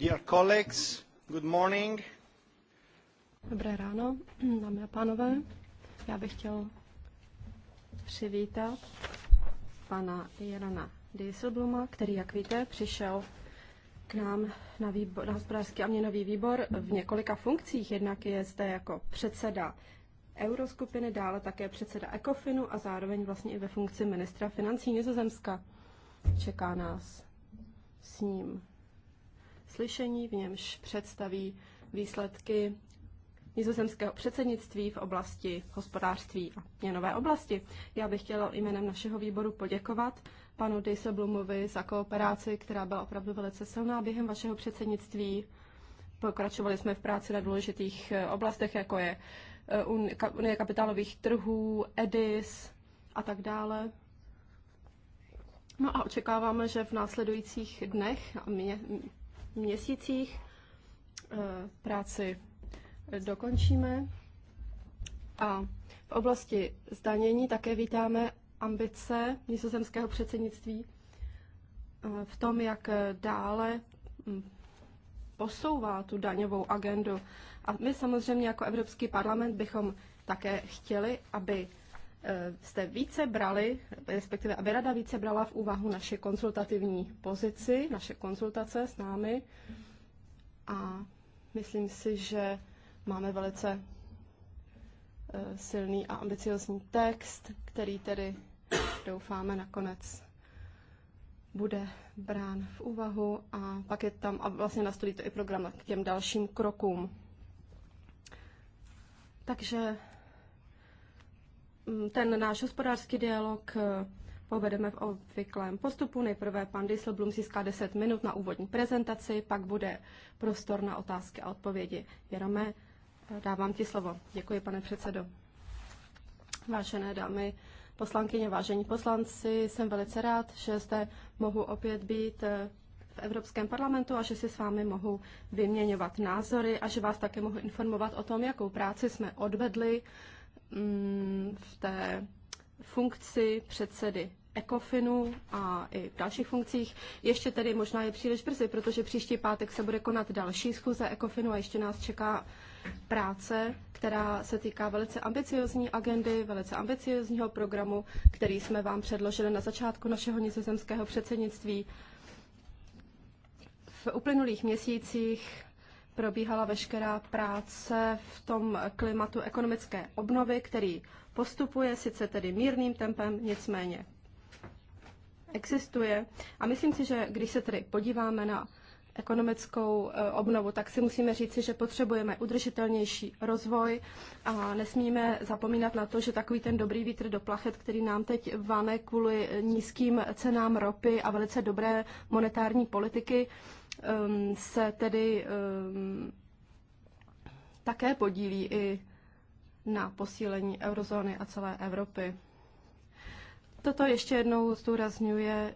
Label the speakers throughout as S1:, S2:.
S1: Dear colleagues, good morning.
S2: Dobré ráno, dámy a pánové. Já bych chtěl přivítat pana Jana Dieselbluma, který, jak víte, přišel k nám na, výbor, na hospodářský a měnový výbor v několika funkcích. Jednak je zde jako předseda euroskupiny, dále také předseda ECOFINu a zároveň vlastně i ve funkci ministra financí Nizozemska. Čeká nás s ním slyšení, v němž představí výsledky nizozemského předsednictví v oblasti hospodářství a měnové oblasti. Já bych chtěla jménem našeho výboru poděkovat panu Dijsselblumovi za kooperaci, která byla opravdu velice silná během vašeho předsednictví. Pokračovali jsme v práci na důležitých eh, oblastech, jako je eh, Unie kapitálových trhů, EDIS a tak dále. No a očekáváme, že v následujících dnech a mě, měsících. Eh, práci dokončíme. A v oblasti zdanění také vítáme ambice nizozemského předsednictví eh, v tom, jak dále hm, posouvá tu daňovou agendu. A my samozřejmě jako Evropský parlament bychom také chtěli, aby Eh, jste více brali, respektive aby rada více brala v úvahu naše konzultativní pozici, naše konzultace s námi a myslím si, že máme velice eh, silný a ambiciozní text, který tedy doufáme nakonec bude brán v úvahu a pak je tam, a vlastně nastolí to i program k těm dalším krokům. Takže Mm, ten náš hospodářský dialog eh, povedeme v obvyklém postupu. Nejprve pan Dieselblum získá 10 minut na úvodní prezentaci, pak bude prostor na otázky a odpovědi. Jerome, eh, dávám ti slovo. Děkuji, pane předsedo. Vážené dámy, poslankyně, vážení poslanci, jsem velice rád, že zde mohu opět být eh, v Evropském parlamentu a že si s vámi mohu vyměňovat názory a že vás také mohu informovat o tom, jakou práci jsme odvedli Mm, v té funkci předsedy ECOFINu a i v dalších funkcích. Ještě tedy možná je příliš brzy, protože příští pátek se bude konat další schůze ECOFINu a ještě nás čeká práce, která se týká velice ambiciozní agendy, velice ambiciozního programu, který jsme vám předložili na začátku našeho nizozemského předsednictví. V uplynulých měsících probíhala veškerá práce v tom klimatu ekonomické obnovy, který postupuje sice tedy mírným tempem, nicméně existuje. A myslím si, že když se tedy podíváme na ekonomickou eh, obnovu, tak si musíme říci, že potřebujeme udržitelnější rozvoj a nesmíme zapomínat na to, že takový ten dobrý vítr do plachet, který nám teď vane kvůli nízkým cenám ropy a velice dobré monetární politiky, um, se tedy um, také podílí i na posílení eurozóny a celé Evropy. Toto ještě jednou zdůrazňuje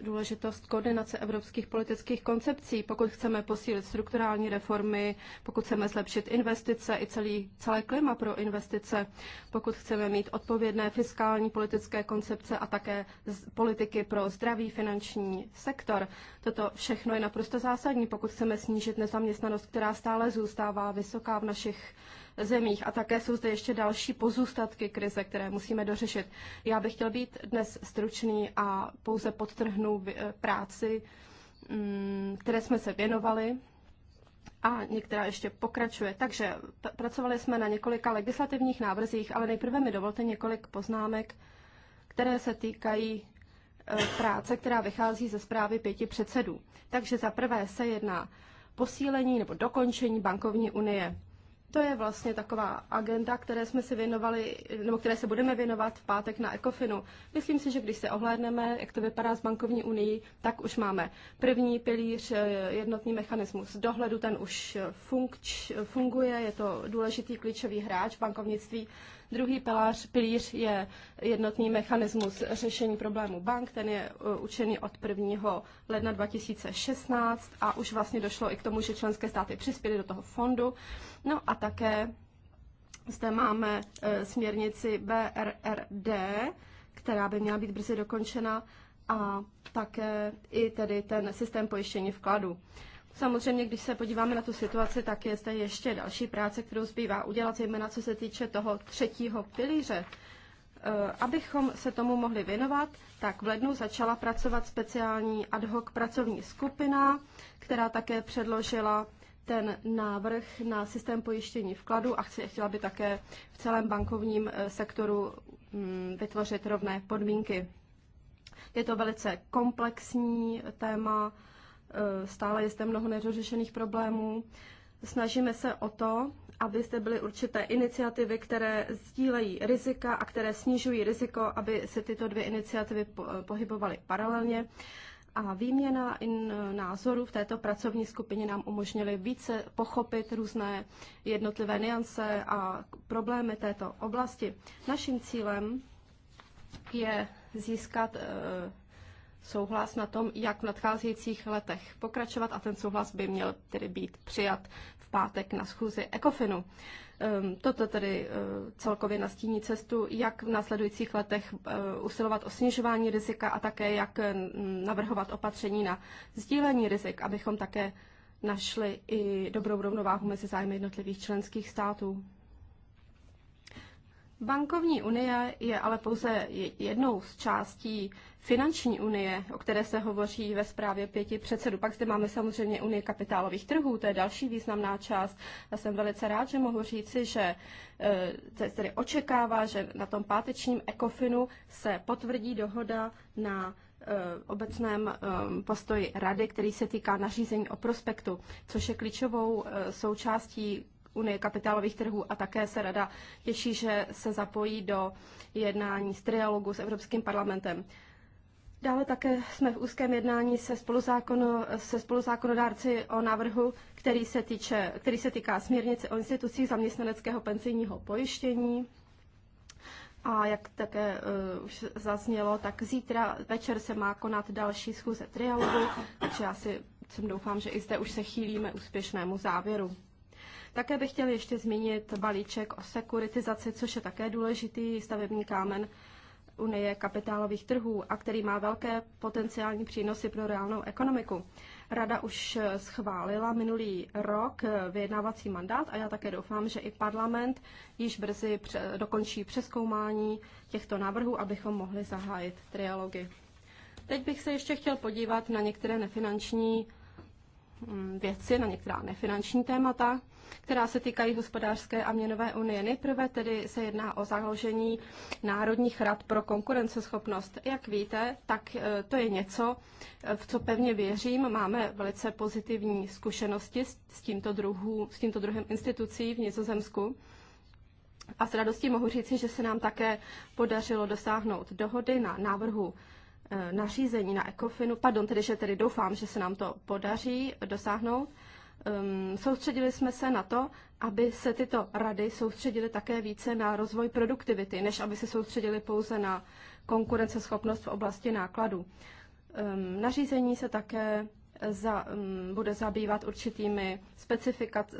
S2: důležitost koordinace evropských politických koncepcí, pokud chceme posílit strukturální reformy, pokud chceme zlepšit investice i celý, celé klima pro investice, pokud chceme mít odpovědné fiskální politické koncepce a také politiky pro zdravý finanční sektor. Toto všechno je naprosto zásadní, pokud chceme snížit nezaměstnanost, která stále zůstává vysoká v našich zemích. A také jsou zde ještě další pozůstatky krize, které musíme dořešit. Já bych chtěl být dnes stručný a pouze podtrhnout eh, práci, mm, které jsme se věnovali a některá ještě pokračuje. Takže pracovali jsme na několika legislativních návrzích, ale nejprve mi dovolte několik poznámek, které se týkají eh, práce, která vychází ze zprávy pěti předsedů. Takže za prvé se jedná posílení nebo dokončení bankovní unie. To je vlastně taková agenda, které jsme si věnovali, nebo které se budeme věnovat v pátek na Ecofinu. Myslím si, že když se ohlédneme, jak to vypadá s bankovní unii, tak už máme první pilíř, eh, jednotný mechanismus dohledu, ten už eh, funkč, eh, funguje, je to důležitý klíčový hráč v bankovnictví. Druhý pilář, pilíř je jednotný mechanismus řešení problému bank, ten je e, učený od 1. ledna 2016 a už vlastně došlo i k tomu, že členské státy přispěly do toho fondu. No a také zde máme e, směrnici BRRD, která by měla být brzy dokončena a také i tedy ten systém pojištění vkladu. Samozřejmě, když se podíváme na tu situaci, tak je zde ještě další práce, kterou zbývá udělat, zejména co se týče toho třetího pilíře. E, abychom se tomu mohli věnovat, tak v lednu začala pracovat speciální ad hoc pracovní skupina, která také předložila ten návrh na systém pojištění vkladu a chtěla by také v celém bankovním e, sektoru mm, vytvořit rovné podmínky. Je to velice komplexní téma, Eh, stále je zde mnoho neřešených problémů. Snažíme se o to, aby zde byly určité iniciativy, které sdílejí rizika a které snižují riziko, aby se tyto dvě iniciativy eh, pohybovaly paralelně. A výměna in eh, názorů v této pracovní skupině nám umožnily více pochopit různé jednotlivé niance a problémy této oblasti. Naším cílem je získat souhlas na tom, jak v nadcházejících letech pokračovat a ten souhlas by měl tedy být přijat v pátek na schůzi ECOFINu. Ehm, toto tedy eh, celkově nastíní cestu, jak v následujících letech eh, usilovat o snižování rizika a také jak navrhovat opatření na sdílení rizik, abychom také našli i dobrou rovnováhu mezi zájmy jednotlivých členských států. Bankovní unie je ale pouze jednou z částí finanční unie, o které se hovoří ve zprávě pěti předsedů. Pak zde máme samozřejmě unie kapitálových trhů, to je další významná část. Já jsem velice rád, že mohu říci, že se tedy očekává, že na tom pátečním ekofinu se potvrdí dohoda na e, obecném e, postoji rady, který se týká nařízení o prospektu, což je klíčovou e, součástí Unie kapitálových trhů a také se rada těší, že se zapojí do jednání s trialogu s Evropským parlamentem. Dále také jsme v úzkém jednání se, spoluzákon, se spoluzákonodárci o návrhu, který se, týče, který se týká směrnice o institucích zaměstnaneckého penzijního pojištění. A jak také uh, už zaznělo, tak zítra večer se má konat další schůze trialogu, takže já si jsem doufám, že i zde už se chýlíme úspěšnému závěru. Také bych chtěl ještě zmínit balíček o sekuritizaci, což je také důležitý stavební kámen Unie kapitálových trhů a který má velké potenciální přínosy pro reálnou ekonomiku. Rada už schválila minulý rok vyjednávací mandát a já také doufám, že i parlament již brzy dokončí přeskoumání těchto návrhů, abychom mohli zahájit trialogy. Teď bych se ještě chtěl podívat na některé nefinanční mm, věci, na některá nefinanční témata která se týkají hospodářské a měnové unie. Nejprve tedy se jedná o založení Národních rad pro konkurenceschopnost. Jak víte, tak e, to je něco, e, v co pevně věřím. Máme velice pozitivní zkušenosti s tímto, druhu, s tímto druhem institucí v Nizozemsku. A s radostí mohu říci, že se nám také podařilo dosáhnout dohody na návrhu e, nařízení na ECOFINu, pardon, tedy, že tedy doufám, že se nám to podaří dosáhnout um, soustředili jsme se na to, aby se tyto rady soustředily také více na rozvoj produktivity, než aby se soustředily pouze na konkurenceschopnost v oblasti nákladů. Um, nařízení se také za, um, bude zabývat určitými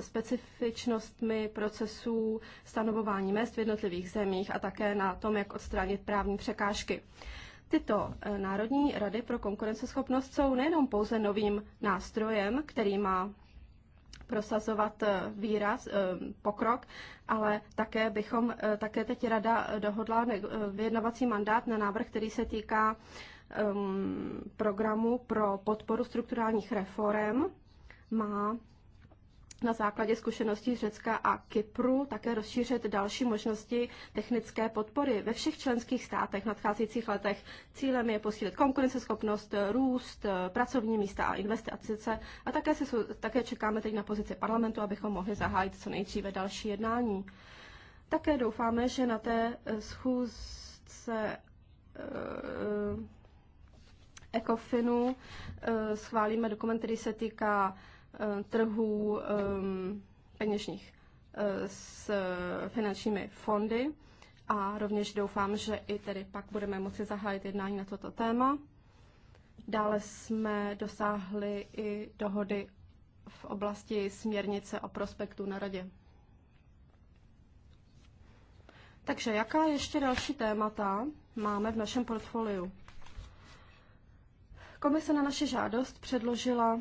S2: specifičnostmi procesů stanovování mest v jednotlivých zemích a také na tom, jak odstranit právní překážky. Tyto eh, Národní rady pro konkurenceschopnost jsou nejenom pouze novým nástrojem, který má prosazovat eh, výraz, eh, pokrok, ale také bychom, eh, také teď rada dohodla vyjednovací mandát na návrh, který se týká ehm, programu pro podporu strukturálních reform. Má na základě zkušeností Řecka a Kypru také rozšířit další možnosti technické podpory ve všech členských státech v nadcházejících letech. Cílem je posílit konkurenceschopnost, růst, pracovní místa a investice a také, se, také čekáme teď na pozici parlamentu, abychom mohli zahájit co nejdříve další jednání. Také doufáme, že na té eh, schůzce eh, eh, ECOFINu schválíme dokument, který se týká Eh, trhů peněžních eh, s finančními fondy a rovněž doufám, že i tedy pak budeme moci zahájit jednání na toto téma. Dále jsme dosáhli i dohody v oblasti směrnice o prospektu na radě. Takže jaká ještě další témata máme v našem portfoliu? Komise na naši žádost předložila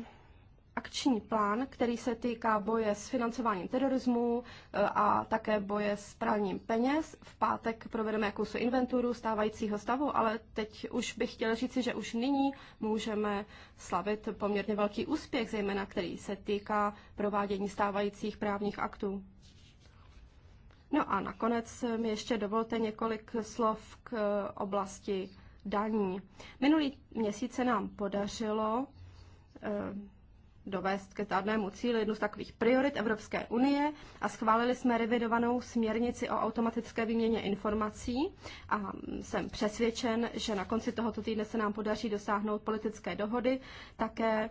S2: akční plán, který se týká boje s financováním terorismu e, a také boje s praním peněz. V pátek provedeme jakousi inventuru stávajícího stavu, ale teď už bych chtěla říci, že už nyní můžeme slavit poměrně velký úspěch, zejména který se týká provádění stávajících právních aktů. No a nakonec mi ještě dovolte několik slov k oblasti daní. Minulý měsíc se nám podařilo e, dovést ke zdárnému cíli jednu z takových priorit Evropské unie a schválili jsme revidovanou směrnici o automatické výměně informací a jsem přesvědčen, že na konci tohoto týdne se nám podaří dosáhnout politické dohody také e,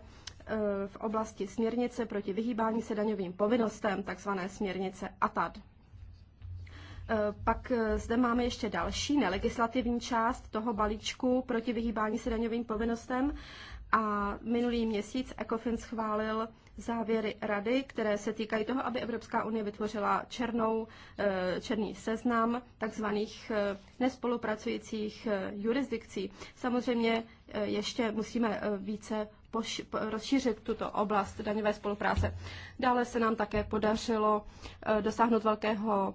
S2: v oblasti směrnice proti vyhýbání se daňovým povinnostem, takzvané směrnice ATAD. E, pak e, zde máme ještě další nelegislativní část toho balíčku proti vyhýbání se daňovým povinnostem a minulý měsíc ECOFIN schválil závěry rady, které se týkají toho, aby Evropská unie vytvořila černou, eh, černý seznam takzvaných eh, nespolupracujících eh, jurisdikcí. Samozřejmě ještě musíme více rozšířit tuto oblast daňové spolupráce. Dále se nám také podařilo dosáhnout velkého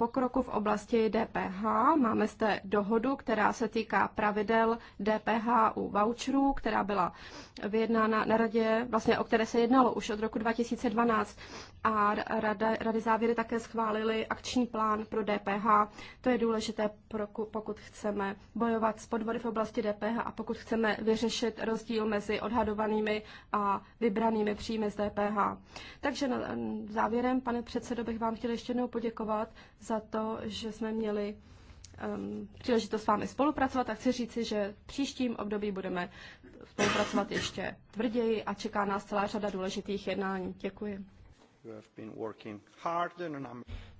S2: pokroku v oblasti DPH. Máme zde dohodu, která se týká pravidel DPH u voucherů, která byla vyjednána na radě, vlastně o které se jednalo už od roku 2012. A rada, rady závěry také schválily akční plán pro DPH. To je důležité, pokud chceme bojovat s podvody v oblasti DPH a pokud chceme vyřešit rozdíl mezi odhadovanými a vybranými příjmy z DPH. Takže závěrem, pane předsedo, bych vám chtěl ještě jednou poděkovat za to, že jsme měli um, příležitost s vámi spolupracovat a chci říci, že v příštím období budeme spolupracovat ještě tvrději a
S1: čeká nás celá řada důležitých jednání. Děkuji.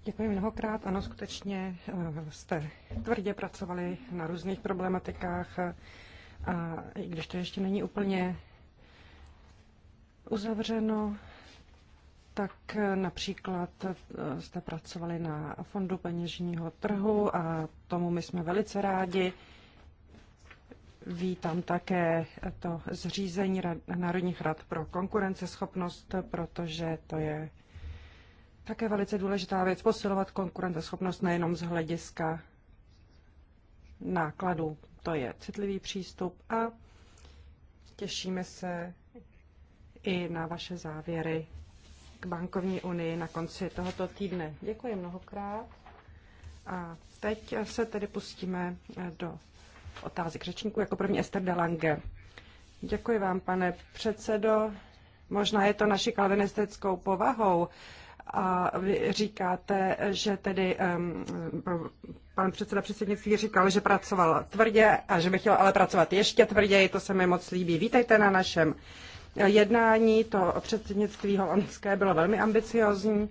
S1: Děkuji mnohokrát. Ano, skutečně eh, jste tvrdě pracovali na různých problematikách eh, a i když to ještě není úplně uzavřeno, tak například eh, jste pracovali na fondu peněžního trhu a tomu my jsme velice rádi. Vítám také to zřízení Národních rad pro konkurenceschopnost, protože to je také velice důležitá věc posilovat konkurenceschopnost nejenom z hlediska nákladů. To je citlivý přístup a těšíme se i na vaše závěry k bankovní unii na konci tohoto týdne. Děkuji mnohokrát. A teď se tedy pustíme eh, do otázek řečníků. Jako první Ester Lange. Děkuji vám, pane předsedo. Možná je to naší kalvinistickou povahou, a vy říkáte, že tedy um, pan předseda předsednictví říkal, že pracoval tvrdě a že by chtěl ale pracovat ještě tvrději, to se mi moc líbí. Vítejte na našem jednání. To předsednictví holandské bylo velmi ambiciozní.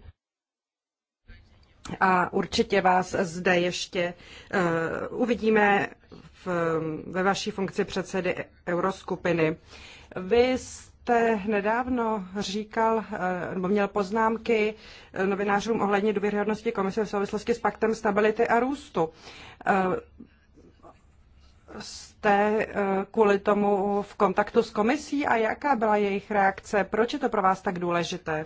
S1: A určitě vás zde ještě uh, uvidíme v, ve vaší funkci předsedy Euroskupiny. Vy jste nedávno říkal, eh, nebo měl poznámky eh, novinářům ohledně důvěryhodnosti komise v souvislosti s paktem stability a růstu jste eh, kvůli tomu v kontaktu s komisí a jaká byla jejich reakce? Proč je to pro vás tak důležité?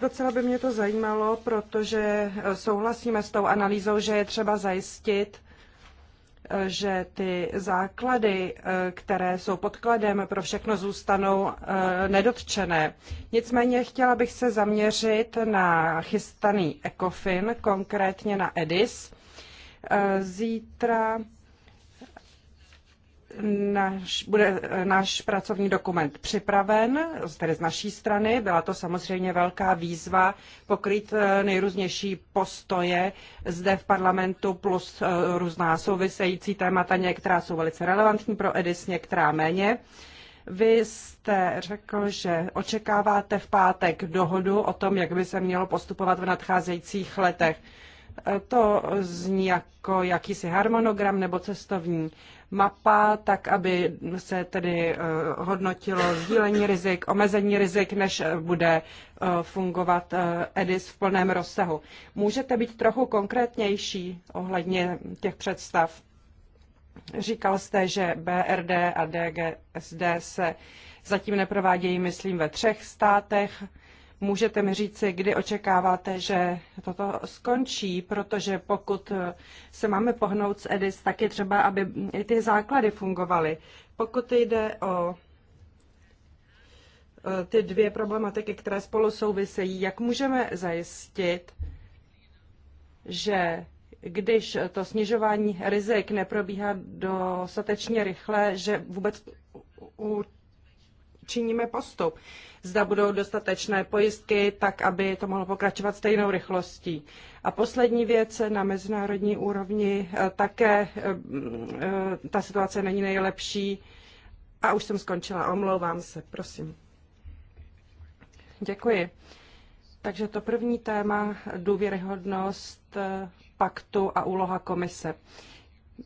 S1: Docela by mě to zajímalo, protože eh, souhlasíme s tou analýzou, že je třeba zajistit, eh, že ty základy, které jsou podkladem pro všechno, zůstanou nedotčené. Nicméně chtěla bych se zaměřit na chystaný ECOFIN, konkrétně na EDIS. Zítra naš, bude eh, náš pracovní dokument připraven, tedy z naší strany. Byla to samozřejmě velká výzva pokryt eh, nejrůznější postoje zde v parlamentu plus eh, různá související témata, některá jsou velice relevantní pro EDIS, některá méně. Vy jste řekl, že očekáváte v pátek dohodu o tom, jak by se mělo postupovat v nadcházejících letech. To zní jako jakýsi harmonogram nebo cestovní mapa, tak aby se tedy eh, hodnotilo sdílení rizik, omezení rizik, než eh, bude eh, fungovat EDIS v plném rozsahu. Můžete být trochu konkrétnější ohledně těch představ? Říkal jste, že BRD a DGSD se zatím neprovádějí, myslím, ve třech státech. Můžete mi říci, kdy očekáváte, že toto skončí, protože pokud se máme pohnout s EDIS, tak je třeba, aby i ty základy fungovaly. Pokud jde o e, ty dvě problematiky, které spolu souvisejí, jak můžeme zajistit, že když to snižování rizik neprobíhá dostatečně rychle, že vůbec u činíme postup. Zda budou dostatečné pojistky, tak aby to mohlo pokračovat stejnou rychlostí. A poslední věc na mezinárodní úrovni, eh, také eh, eh, ta situace není nejlepší. A už jsem skončila, omlouvám se, prosím. Děkuji. Takže to první téma, důvěryhodnost paktu a úloha komise.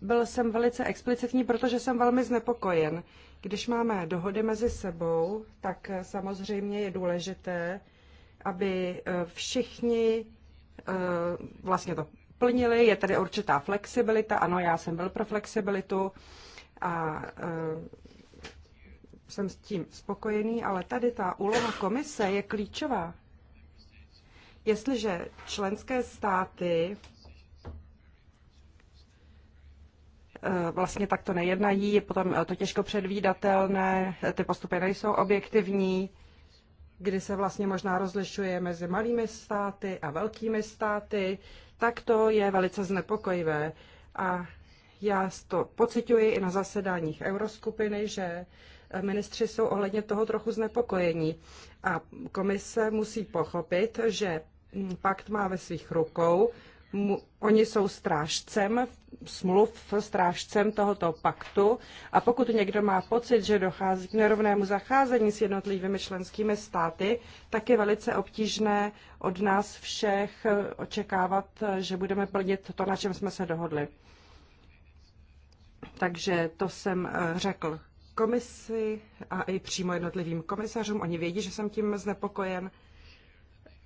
S1: Byl jsem velice explicitní, protože jsem velmi znepokojen. Když máme dohody mezi sebou, tak eh, samozřejmě je důležité, aby eh, všichni eh, vlastně to plnili. Je tady určitá flexibilita. Ano, já jsem byl pro flexibilitu a jsem s tím spokojený, ale tady ta úloha komise je klíčová. Jestliže členské státy Eh, vlastně takto nejednají, je potom eh, to těžko předvídatelné, eh, ty postupy nejsou objektivní, kdy se vlastně možná rozlišuje mezi malými státy a velkými státy, tak to je velice znepokojivé. A já to pocituji i na zasedáních euroskupiny, že ministři jsou ohledně toho trochu znepokojení. A komise musí pochopit, že mm, pakt má ve svých rukou mu, oni jsou strážcem smluv, strážcem tohoto paktu a pokud někdo má pocit, že dochází k nerovnému zacházení s jednotlivými členskými státy, tak je velice obtížné od nás všech očekávat, že budeme plnit to, na čem jsme se dohodli. Takže to jsem eh, řekl komisi a i přímo jednotlivým komisařům. Oni vědí, že jsem tím znepokojen.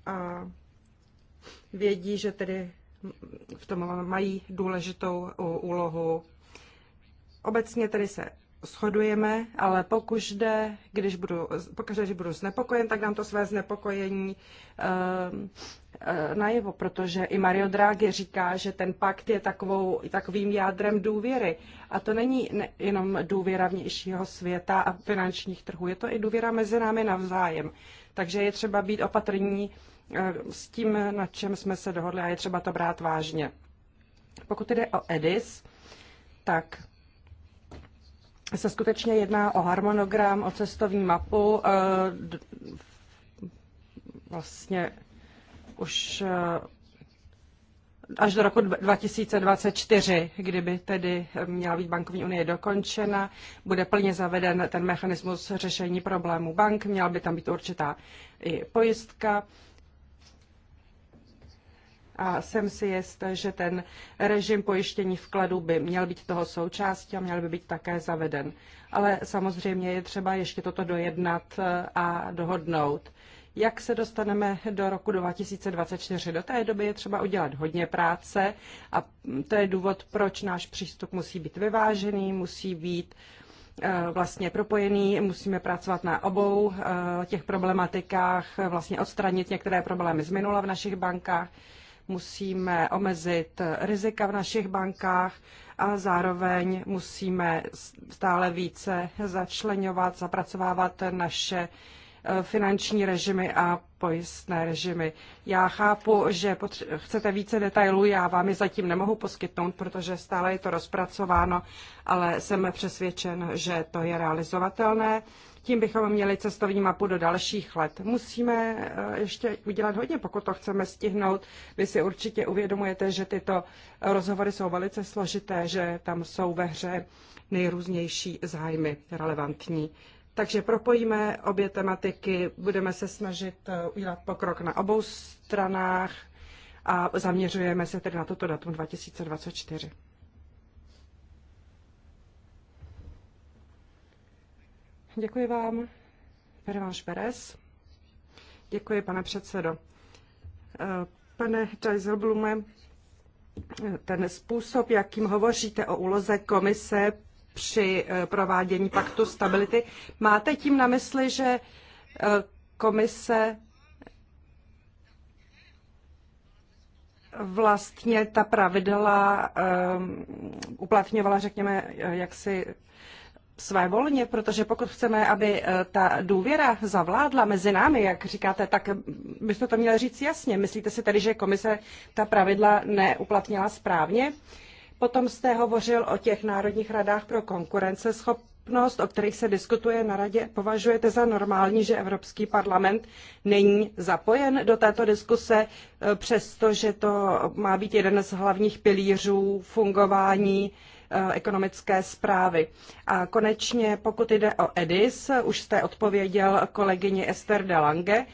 S1: A vědí, že tedy v tom mají důležitou úlohu. Obecně tedy se shodujeme, ale pokud jde, když budu, pokaždé, když budu znepokojen, tak dám to své znepokojení eh, eh, najevo, protože i Mario Draghi říká, že ten pakt je takovou, takovým jádrem důvěry. A to není jenom důvěra vnějšího světa a finančních trhů, je to i důvěra mezi námi navzájem. Takže je třeba být opatrní E, s tím, na čem jsme se dohodli a je třeba to brát vážně. Pokud jde o EDIS, tak se skutečně jedná o harmonogram, o cestovní mapu. E, vlastně už e, až do roku 2024, kdyby tedy měla být bankovní unie dokončena, bude plně zaveden ten mechanismus řešení problémů bank, měla by tam být určitá i pojistka a jsem si jist, že ten režim pojištění vkladu by měl být toho součástí a měl by být také zaveden. Ale samozřejmě je třeba ještě toto dojednat e, a dohodnout. Jak se dostaneme do roku 2024? Do té doby je třeba udělat hodně práce a to je důvod, proč náš přístup musí být vyvážený, musí být e, vlastně propojený, musíme pracovat na obou e, těch problematikách, vlastně odstranit některé problémy z minula v našich bankách musíme omezit rizika v našich bankách a zároveň musíme stále více začlenovat, zapracovávat naše eh, finanční režimy a pojistné režimy. Já chápu, že chcete více detailů, já vám je zatím nemohu poskytnout, protože stále je to rozpracováno, ale jsem přesvědčen, že to je realizovatelné. Tím bychom měli cestovní mapu do dalších let. Musíme eh, ještě udělat hodně, pokud to chceme stihnout. Vy si určitě uvědomujete, že tyto rozhovory jsou velice složité, že tam jsou ve hře nejrůznější zájmy relevantní. Takže propojíme obě tematiky, budeme se snažit eh, udělat pokrok na obou stranách a zaměřujeme se tedy na toto datum 2024. Děkuji vám. Perváš Perez. Děkuji, pane předsedo. Eh, pane Dijsselblume, ten způsob, jakým hovoříte o úloze komise při eh, provádění paktu stability, máte tím na mysli, že eh, komise vlastně ta pravidla um, uplatňovala, řekněme, jaksi své volně, protože pokud chceme, aby eh, ta důvěra zavládla mezi námi, jak říkáte, tak byste to měli říct jasně. Myslíte si tedy, že komise ta pravidla neuplatnila správně? Potom jste hovořil o těch národních radách pro konkurenceschopnost, o kterých se diskutuje na radě. Považujete za normální, že Evropský parlament není zapojen do této diskuse, eh, přestože to má být jeden z hlavních pilířů fungování Eh, ekonomické zprávy. A konečně, pokud jde o EDIS, už jste odpověděl kolegyni Esther de Lange,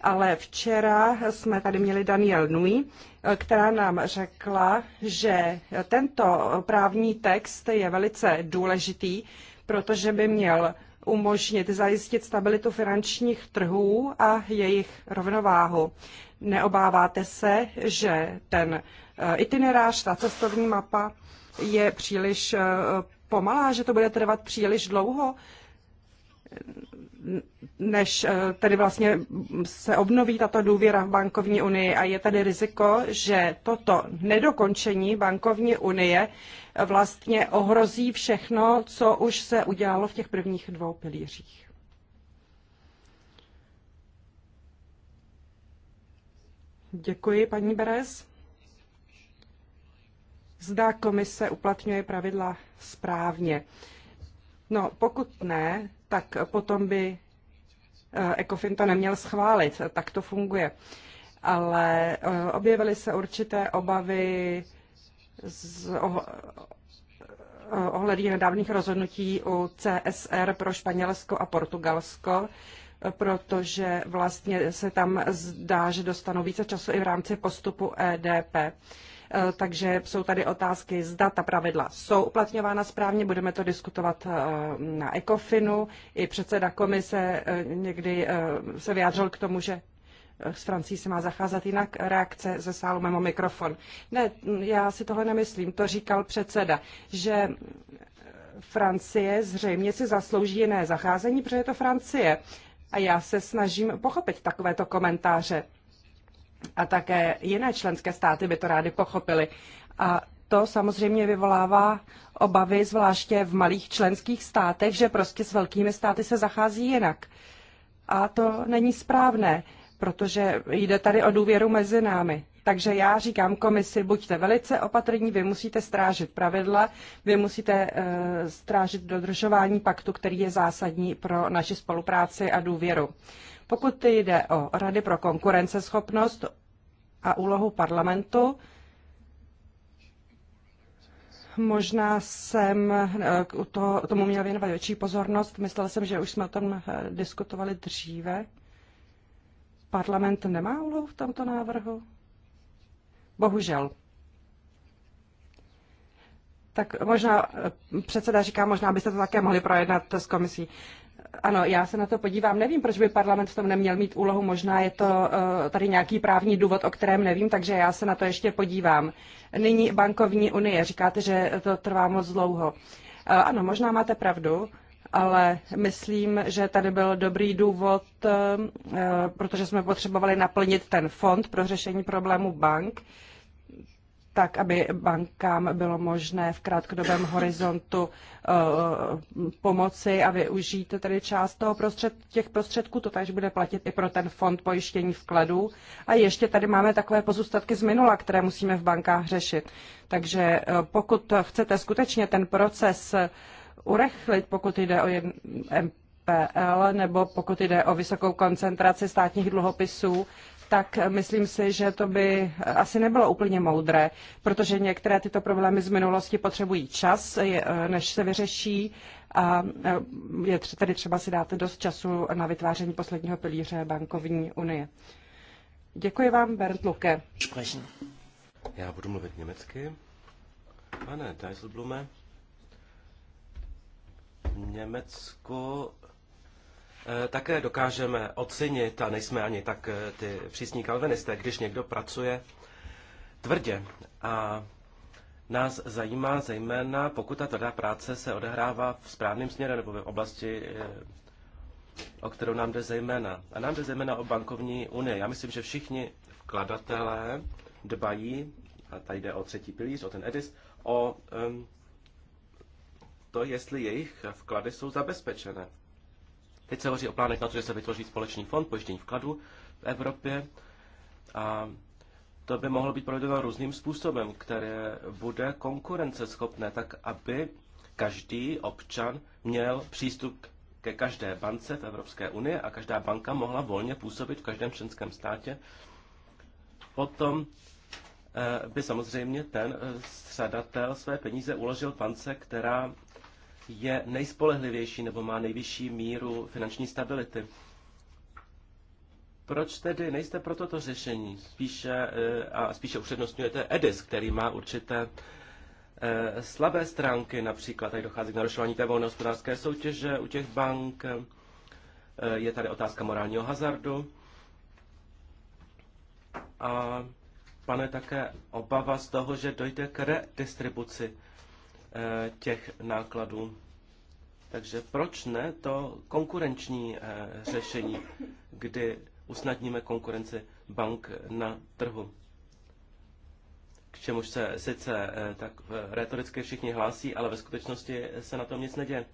S1: ale včera jsme tady měli Daniel Nui, eh, která nám řekla, že tento právní text je velice důležitý, protože by měl umožnit zajistit stabilitu finančních trhů a jejich rovnováhu. Neobáváte se, že ten eh, itinerář, ta cestovní mapa je příliš eh, pomalá, že to bude trvat příliš dlouho, než eh, tedy vlastně se obnoví tato důvěra v bankovní unii a je tady riziko, že toto nedokončení bankovní unie vlastně ohrozí všechno, co už se udělalo v těch prvních dvou pilířích. Děkuji, paní Beres zda komise uplatňuje pravidla správně. No, pokud ne, tak potom by eh, ECOFIN to neměl schválit, tak to funguje. Ale eh, objevily se určité obavy z, eh, ohledně nedávných rozhodnutí u CSR pro Španělsko a Portugalsko, protože vlastně se tam zdá, že dostanou více času i v rámci postupu EDP. Eh, takže jsou tady otázky, zda ta pravidla jsou uplatňována správně, budeme to diskutovat eh, na ECOFINu. I předseda komise eh, někdy se vyjádřil k tomu, že s Francí se má zacházet jinak. Reakce ze sálu mimo mikrofon. Ne, mm, já si tohle nemyslím. To říkal předseda, že Francie zřejmě si zaslouží jiné zacházení, protože je to Francie. A já se snažím pochopit takovéto komentáře a také jiné členské státy by to rády pochopily. A to samozřejmě vyvolává obavy, zvláště v malých členských státech, že prostě s velkými státy se zachází jinak. A to není správné, protože jde tady o důvěru mezi námi. Takže já říkám komisi, buďte velice opatrní, vy musíte strážit pravidla, vy musíte eh, strážit dodržování paktu, který je zásadní pro naši spolupráci a důvěru. Pokud jde o Rady pro konkurenceschopnost a úlohu parlamentu, Možná jsem eh, to, tomu měl věnovat větší pozornost. Myslel jsem, že už jsme o tom eh, diskutovali dříve. Parlament nemá úlohu v tomto návrhu? Bohužel. Tak možná, eh, předseda říká, možná byste to také mohli projednat s komisí ano, já se na to podívám. Nevím, proč by parlament v tom neměl mít úlohu. Možná je to eh, tady nějaký právní důvod, o kterém nevím, takže já se na to ještě podívám. Nyní bankovní unie. Říkáte, že to trvá moc dlouho. Eh, ano, možná máte pravdu, ale myslím, že tady byl dobrý důvod, eh, protože jsme potřebovali naplnit ten fond pro řešení problému bank tak aby bankám bylo možné v krátkodobém horizontu eh, pomoci a využít tedy část toho prostřed, těch prostředků. To takže bude platit i pro ten fond pojištění vkladů. A ještě tady máme takové pozůstatky z minula, které musíme v bankách řešit. Takže eh, pokud chcete skutečně ten proces urechlit, pokud jde o MPL nebo pokud jde o vysokou koncentraci státních dluhopisů, tak myslím si, že to by asi nebylo úplně moudré, protože některé tyto problémy z minulosti potřebují čas, eh, než se vyřeší a eh, je tedy třeba si dát dost času na vytváření posledního pilíře bankovní unie. Děkuji vám, Bernd Luke.
S3: Já budu mluvit německy. Pane Dijsselblume, Německo Eh, také dokážeme ocenit, a nejsme ani tak eh, ty přísní kalvinisté, když někdo pracuje tvrdě. A nás zajímá zejména, pokud ta tvrdá práce se odehrává v správném směru nebo v oblasti, eh, o kterou nám jde zejména. A nám jde zejména o bankovní unii. Já myslím, že všichni vkladatelé dbají, a tady jde o třetí pilíř, o ten EDIS, o um, to, jestli jejich vklady jsou zabezpečené. Teď se hovoří o plánech na to, že se vytvoří společný fond pojištění vkladu v Evropě a to by mohlo být provedeno různým způsobem, které bude konkurenceschopné, tak aby každý občan měl přístup ke každé bance v Evropské unii a každá banka mohla volně působit v každém členském státě. Potom eh, by samozřejmě ten eh, střadatel své peníze uložil bance, která je nejspolehlivější nebo má nejvyšší míru finanční stability. Proč tedy nejste pro toto řešení? Spíše, eh, a spíše upřednostňujete EDIS, který má určité eh, slabé stránky, například tady dochází k narušování té volné hospodářské soutěže u těch bank, eh, je tady otázka morálního hazardu a pane také obava z toho, že dojde k redistribuci Eh, těch nákladů. Takže proč ne to konkurenční eh, řešení, kdy usnadníme konkurenci bank na trhu? K čemuž se sice eh, tak retoricky všichni hlásí, ale ve skutečnosti se na tom nic neděje.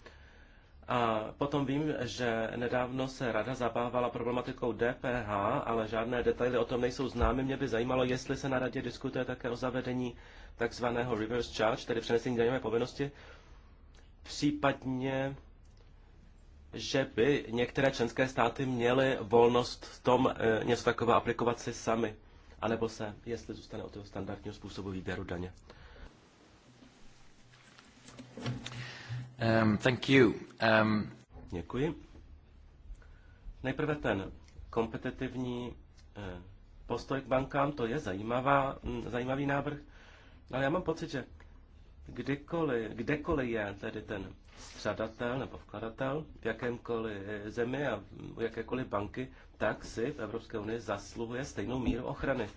S3: A potom vím, že nedávno se rada zabávala problematikou DPH, ale žádné detaily o tom nejsou známy. Mě by zajímalo, jestli se na radě diskutuje také o zavedení takzvaného reverse charge, tedy přenesení daňové povinnosti, případně že by některé členské státy měly volnost v tom e, něco takového aplikovat si sami, anebo se, jestli zůstane od toho standardního způsobu výběru daně. Um, thank you. Um... Děkuji. Nejprve ten kompetitivní eh, postoj k bankám, to je zajímavá, zajímavý návrh. Ale já mám pocit, že kdykoliv, kdekoliv je tedy ten střadatel nebo vkladatel v jakémkoliv zemi a u jakékoliv banky, tak si v Evropské unii zasluhuje stejnou míru ochrany.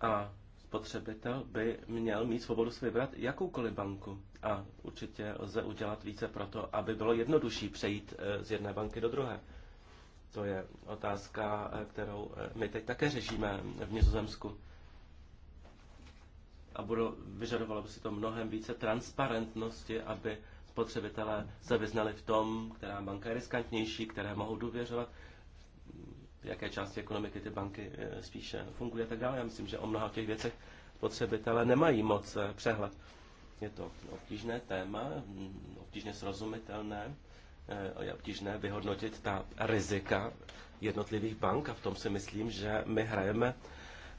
S3: A spotřebitel by měl mít svobodu si vybrat jakoukoliv banku. A určitě lze udělat více pro to, aby bylo jednodušší přejít eh, z jedné banky do druhé. To je otázka, eh, kterou eh, my teď také řešíme v Nizozemsku a budou, vyžadovalo by si to mnohem více transparentnosti, aby spotřebitelé se vyznali v tom, která banka je riskantnější, které mohou důvěřovat, v jaké části ekonomiky ty banky eh, spíše fungují a tak dále. Já myslím, že o mnoha těch věcech spotřebitelé nemají moc eh, přehled. Je to obtížné téma, hm, obtížně srozumitelné, eh, je obtížné vyhodnotit ta rizika jednotlivých bank a v tom si myslím, že my hrajeme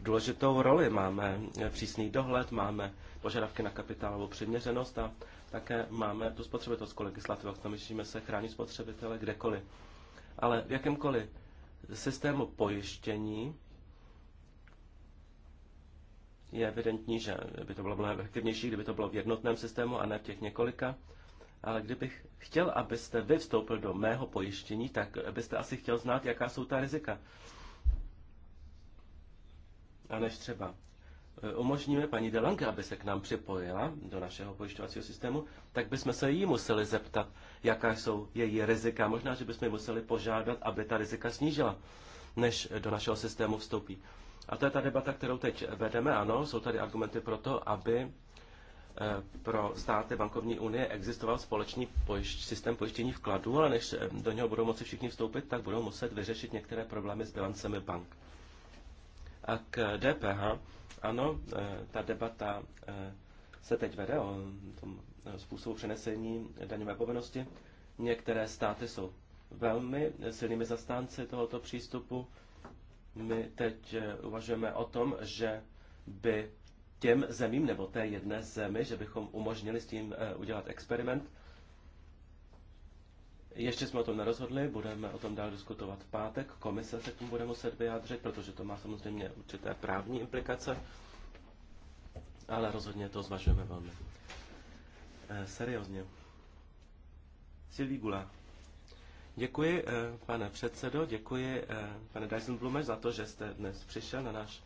S3: důležitou roli. Máme přísný dohled, máme požadavky na kapitálovou přiměřenost a také máme tu spotřebitelskou legislativu, myslíme, se chránit spotřebitele kdekoliv. Ale v jakémkoliv systému pojištění je evidentní, že by to bylo mnohem efektivnější, kdyby to bylo v jednotném systému a ne v těch několika. Ale kdybych chtěl, abyste vy vstoupil do mého pojištění, tak byste asi chtěl znát, jaká jsou ta rizika. A než třeba e, umožníme paní Delange, aby se k nám připojila do našeho pojišťovacího systému, tak bychom se jí museli zeptat, jaká jsou její rizika. Možná, že bychom ji museli požádat, aby ta rizika snížila, než do našeho systému vstoupí. A to je ta debata, kterou teď vedeme. Ano, jsou tady argumenty pro to, aby e, pro státy bankovní unie existoval společný pojišť, systém pojištění vkladů, ale než e, do něho budou moci všichni vstoupit, tak budou muset vyřešit některé problémy s bilancemi bank. A k DPH, ano, eh, ta debata eh, se teď vede o tom způsobu přenesení daňové povinnosti. Některé státy jsou velmi silnými zastánci tohoto přístupu. My teď eh, uvažujeme o tom, že by těm zemím nebo té jedné zemi, že bychom umožnili s tím udělat experiment, ještě jsme o tom nerozhodli, budeme o tom dál diskutovat v pátek. Komise se k tomu bude muset vyjádřit, protože to má samozřejmě určité právní implikace, ale rozhodně to zvažujeme velmi E, seriózně. Silví Gula. Děkuji, e, pane předsedo, děkuji, e, pane Blume za to, že jste dnes přišel na náš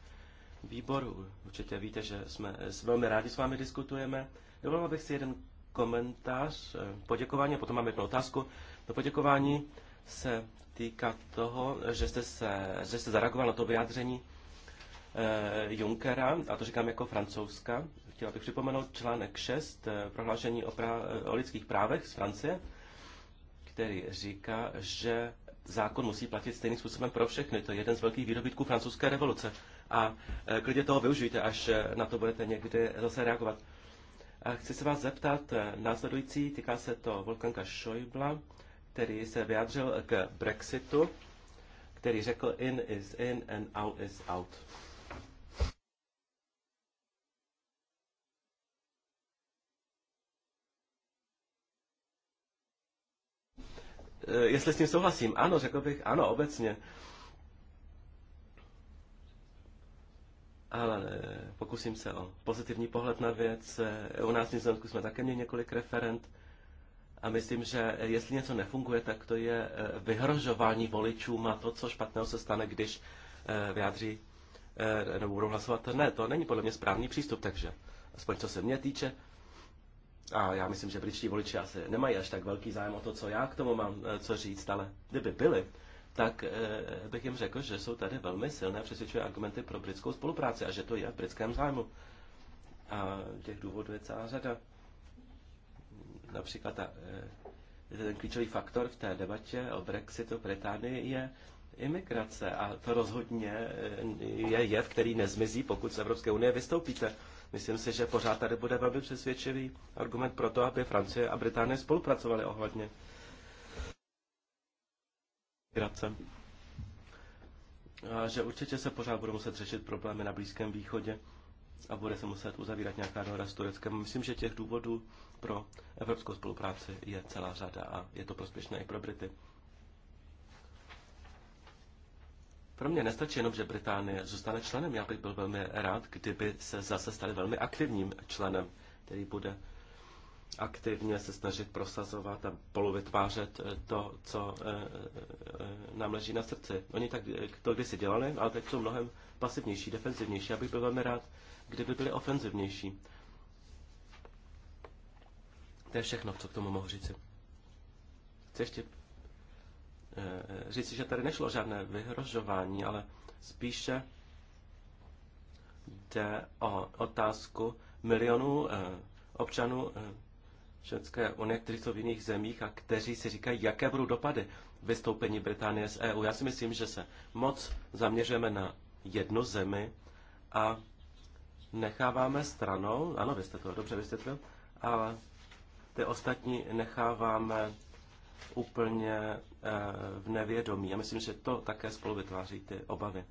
S3: výbor. Určitě víte, že jsme s velmi rádi s vámi diskutujeme. Dovolil bych si jeden komentář, poděkování a potom mám jednu otázku. To poděkování se týká toho, že jste, se, že jste zareagoval na to vyjádření eh, Junckera, a to říkám jako francouzska. Chtěla bych připomenout článek 6 eh, prohlášení o, pra, eh, o lidských právech z Francie, který říká, že zákon musí platit stejným způsobem pro všechny. To je jeden z velkých výrobitků francouzské revoluce. A eh, klidně toho využijte, až eh, na to budete někdy zase reagovat. A chci se vás zeptat eh, následující, týká se to Volkanka Šojbla který se vyjádřil k Brexitu, který řekl in is in and out is out. Eh, jestli s tím souhlasím, ano, řekl bych ano, obecně. Ale pokusím se o pozitivní pohled na věc. Eh, u nás v Nizozemsku jsme také měli několik referent. A myslím, že jestli něco nefunguje, tak to je eh, vyhrožování voličům a to, co špatného se stane, když eh, vyjádří eh, nebo budou hlasovat ne. To není podle mě správný přístup, takže aspoň co se mě týče. A já myslím, že britští voliči asi nemají až tak velký zájem o to, co já k tomu mám co říct, ale kdyby byli, tak bych jim řekl, že jsou tady velmi silné přesvědčivé argumenty pro britskou spolupráci a že to je v britském zájmu. A těch důvodů je celá řada. Například ta, eh, ten klíčový faktor v té debatě o Brexitu Británii je imigrace a to rozhodně eh, je jev, který nezmizí, pokud z Evropské unie vystoupíte. Myslím si, že pořád tady bude velmi přesvědčivý argument pro to, aby Francie a Británie spolupracovaly ohledně imigrace, A že určitě se pořád budou muset řešit problémy na Blízkém východě a bude se muset uzavírat nějaká dohoda s Tureckem. Myslím, že těch důvodů pro evropskou spolupráci je celá řada a je to prospěšné i pro Brity. Pro mě nestačí jenom, že Británie zůstane členem. Já bych byl velmi rád, kdyby se zase stali velmi aktivním členem, který bude aktivně se snažit prosazovat a polovytvářet eh, to, co eh, eh, nám leží na srdci. Oni tak to kdysi dělali, ale teď jsou mnohem pasivnější, defenzivnější. Já bych byl velmi rád, kdyby byli ofenzivnější. To je všechno, co k tomu mohu říci. Chci ještě eh, říci, že tady nešlo žádné vyhrožování, ale spíše jde o otázku milionů eh, občanů Švédské eh, unie, kteří jsou v jiných zemích a kteří si říkají, jaké budou dopady vystoupení Británie z EU. Já si myslím, že se moc zaměřujeme na jedno zemi a necháváme stranou, ano, vy jste to dobře vysvětlil, ale ty ostatní necháváme úplně eh, v nevědomí. Já myslím, že to také spolu vytváří ty obavy.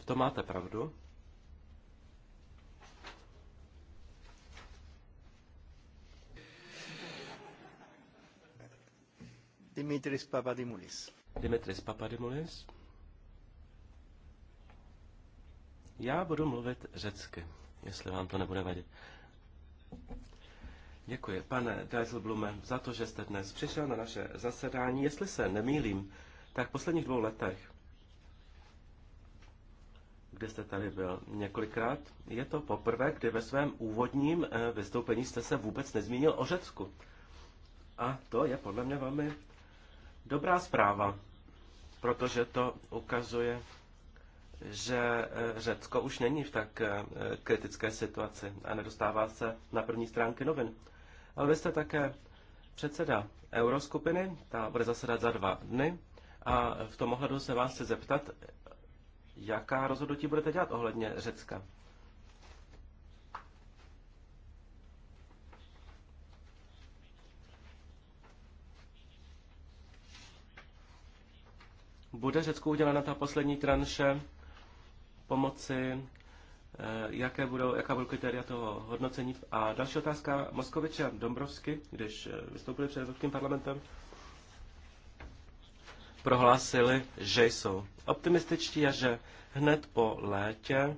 S3: V tom máte pravdu.
S1: Dimitris Papadimulis.
S3: Dimitris Papadimulis. Já budu mluvit řecky, jestli vám to nebude vadit. Děkuji, pane Dijsselblume, za to, že jste dnes přišel na naše zasedání. Jestli se nemýlím, tak v posledních dvou letech, kdy jste tady byl několikrát, je to poprvé, kdy ve svém úvodním eh, vystoupení jste se vůbec nezmínil o Řecku. A to je podle mě velmi dobrá zpráva, protože to ukazuje že eh, Řecko už není v tak eh, kritické situaci a nedostává se na první stránky novin. Ale vy jste také předseda euroskupiny, ta bude zasedat za dva dny a v tom ohledu se vás chci zeptat, jaká rozhodnutí budete dělat ohledně Řecka. Bude Řecku udělena ta poslední tranše pomoci, eh, jaké budou, jaká budou kritéria toho hodnocení. A další otázka Moskoviče a Dombrovsky, když eh, vystoupili před Evropským parlamentem, prohlásili, že jsou optimističtí a že hned po létě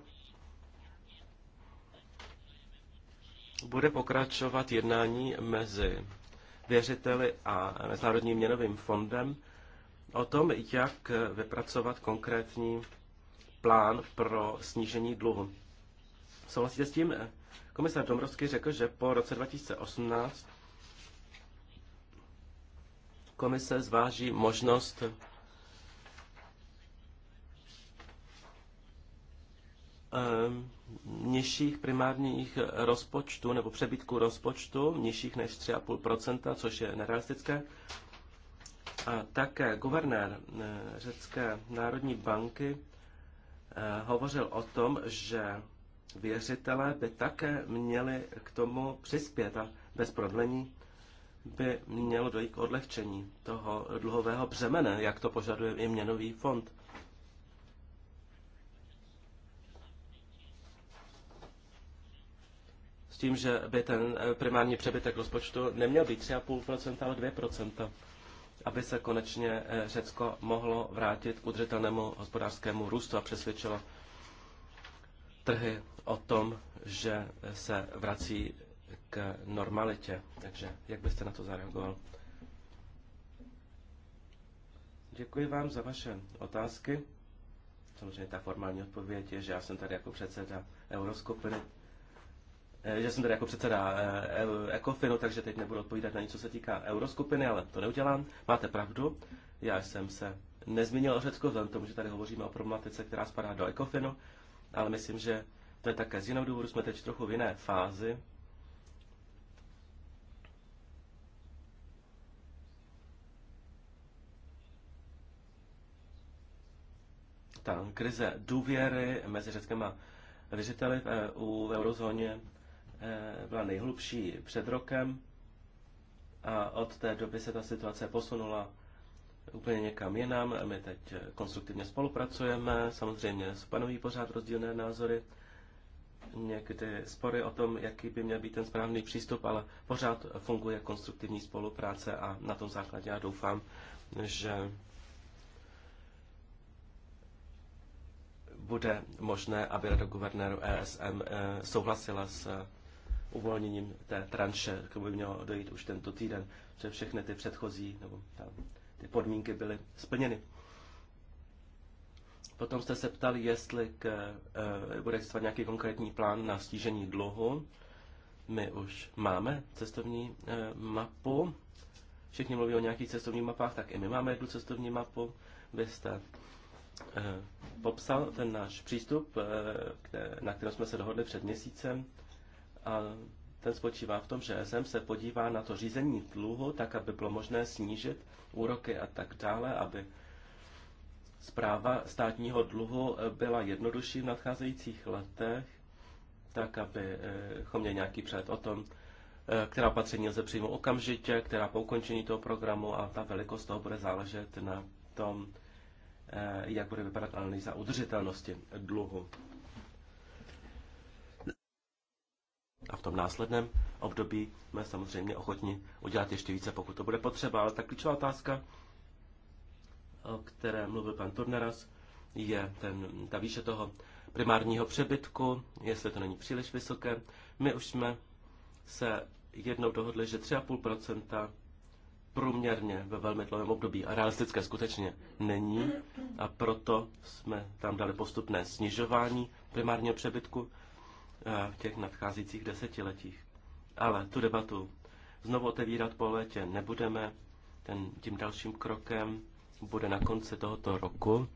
S3: bude pokračovat jednání mezi věřiteli a Mezinárodním měnovým fondem o tom, jak vypracovat konkrétní plán pro snížení dluhu. Souhlasíte s tím? Komisar Domrovský řekl, že po roce 2018 komise zváží možnost ehm, nižších primárních rozpočtů nebo přebytků rozpočtu, nižších než 3,5%, což je nerealistické. A také guvernér eh, Řecké národní banky Eh, hovořil o tom, že věřitelé by také měli k tomu přispět a bez prodlení by mělo dojít k odlehčení toho dluhového břemene, jak to požaduje i měnový fond. S tím, že by ten eh, primární přebytek rozpočtu neměl být 3,5%, ale 2% aby se konečně eh, Řecko mohlo vrátit k udržitelnému hospodářskému růstu a přesvědčilo trhy o tom, že se vrací k normalitě. Takže jak byste na to zareagoval? Děkuji vám za vaše otázky. Samozřejmě ta formální odpověď je, že já jsem tady jako předseda Euroskupiny Eh, že jsem tady jako předseda eh, Ecofinu, takže teď nebudu odpovídat na nic, co se týká euroskupiny, ale to neudělám. Máte pravdu, já jsem se nezmínil o Řecku, vzhledem tomu, že tady hovoříme o problematice, která spadá do Ecofinu, ale myslím, že to je také z jiného důvodu, jsme teď trochu v jiné fázi. Ta krize důvěry mezi Řeckem a věřiteli v EU, v eurozóně Eh, byla nejhlubší před rokem a od té doby se ta situace posunula úplně někam jinam. My teď eh, konstruktivně spolupracujeme, samozřejmě panují pořád rozdílné názory, někdy spory o tom, jaký by měl být ten správný přístup, ale pořád funguje konstruktivní spolupráce a na tom základě já doufám, že bude možné, aby rada guvernéru ESM eh, souhlasila s uvolněním té tranše, k by mělo dojít už tento týden, že všechny ty předchozí nebo tam, ty podmínky byly splněny. Potom jste se ptali, jestli k, e, bude existovat nějaký konkrétní plán na stížení dluhu. My už máme cestovní e, mapu. Všichni mluví o nějakých cestovních mapách, tak i my máme jednu cestovní mapu. Vy jste e, popsal ten náš přístup, e, kde, na kterém jsme se dohodli před měsícem. A ten spočívá v tom, že SM se podívá na to řízení dluhu, tak aby bylo možné snížit úroky a tak dále, aby zpráva státního dluhu byla jednodušší v nadcházejících letech, tak abychom eh, měli nějaký před o tom, eh, která opatření lze přijmout okamžitě, která po ukončení toho programu a ta velikost toho bude záležet na tom, eh, jak bude vypadat analýza udržitelnosti dluhu. A v tom následném období jsme samozřejmě ochotni udělat ještě více, pokud to bude potřeba. Ale ta klíčová otázka, o které mluvil pan Turneras, je ten, ta výše toho primárního přebytku, jestli to není příliš vysoké. My už jsme se jednou dohodli, že 3,5 průměrně ve velmi dlouhém období a realistické skutečně není a proto jsme tam dali postupné snižování primárního přebytku Eh, v těch nadcházících desetiletích. Ale tu debatu znovu otevírat po létě nebudeme. Ten, tím dalším krokem bude na konci tohoto roku.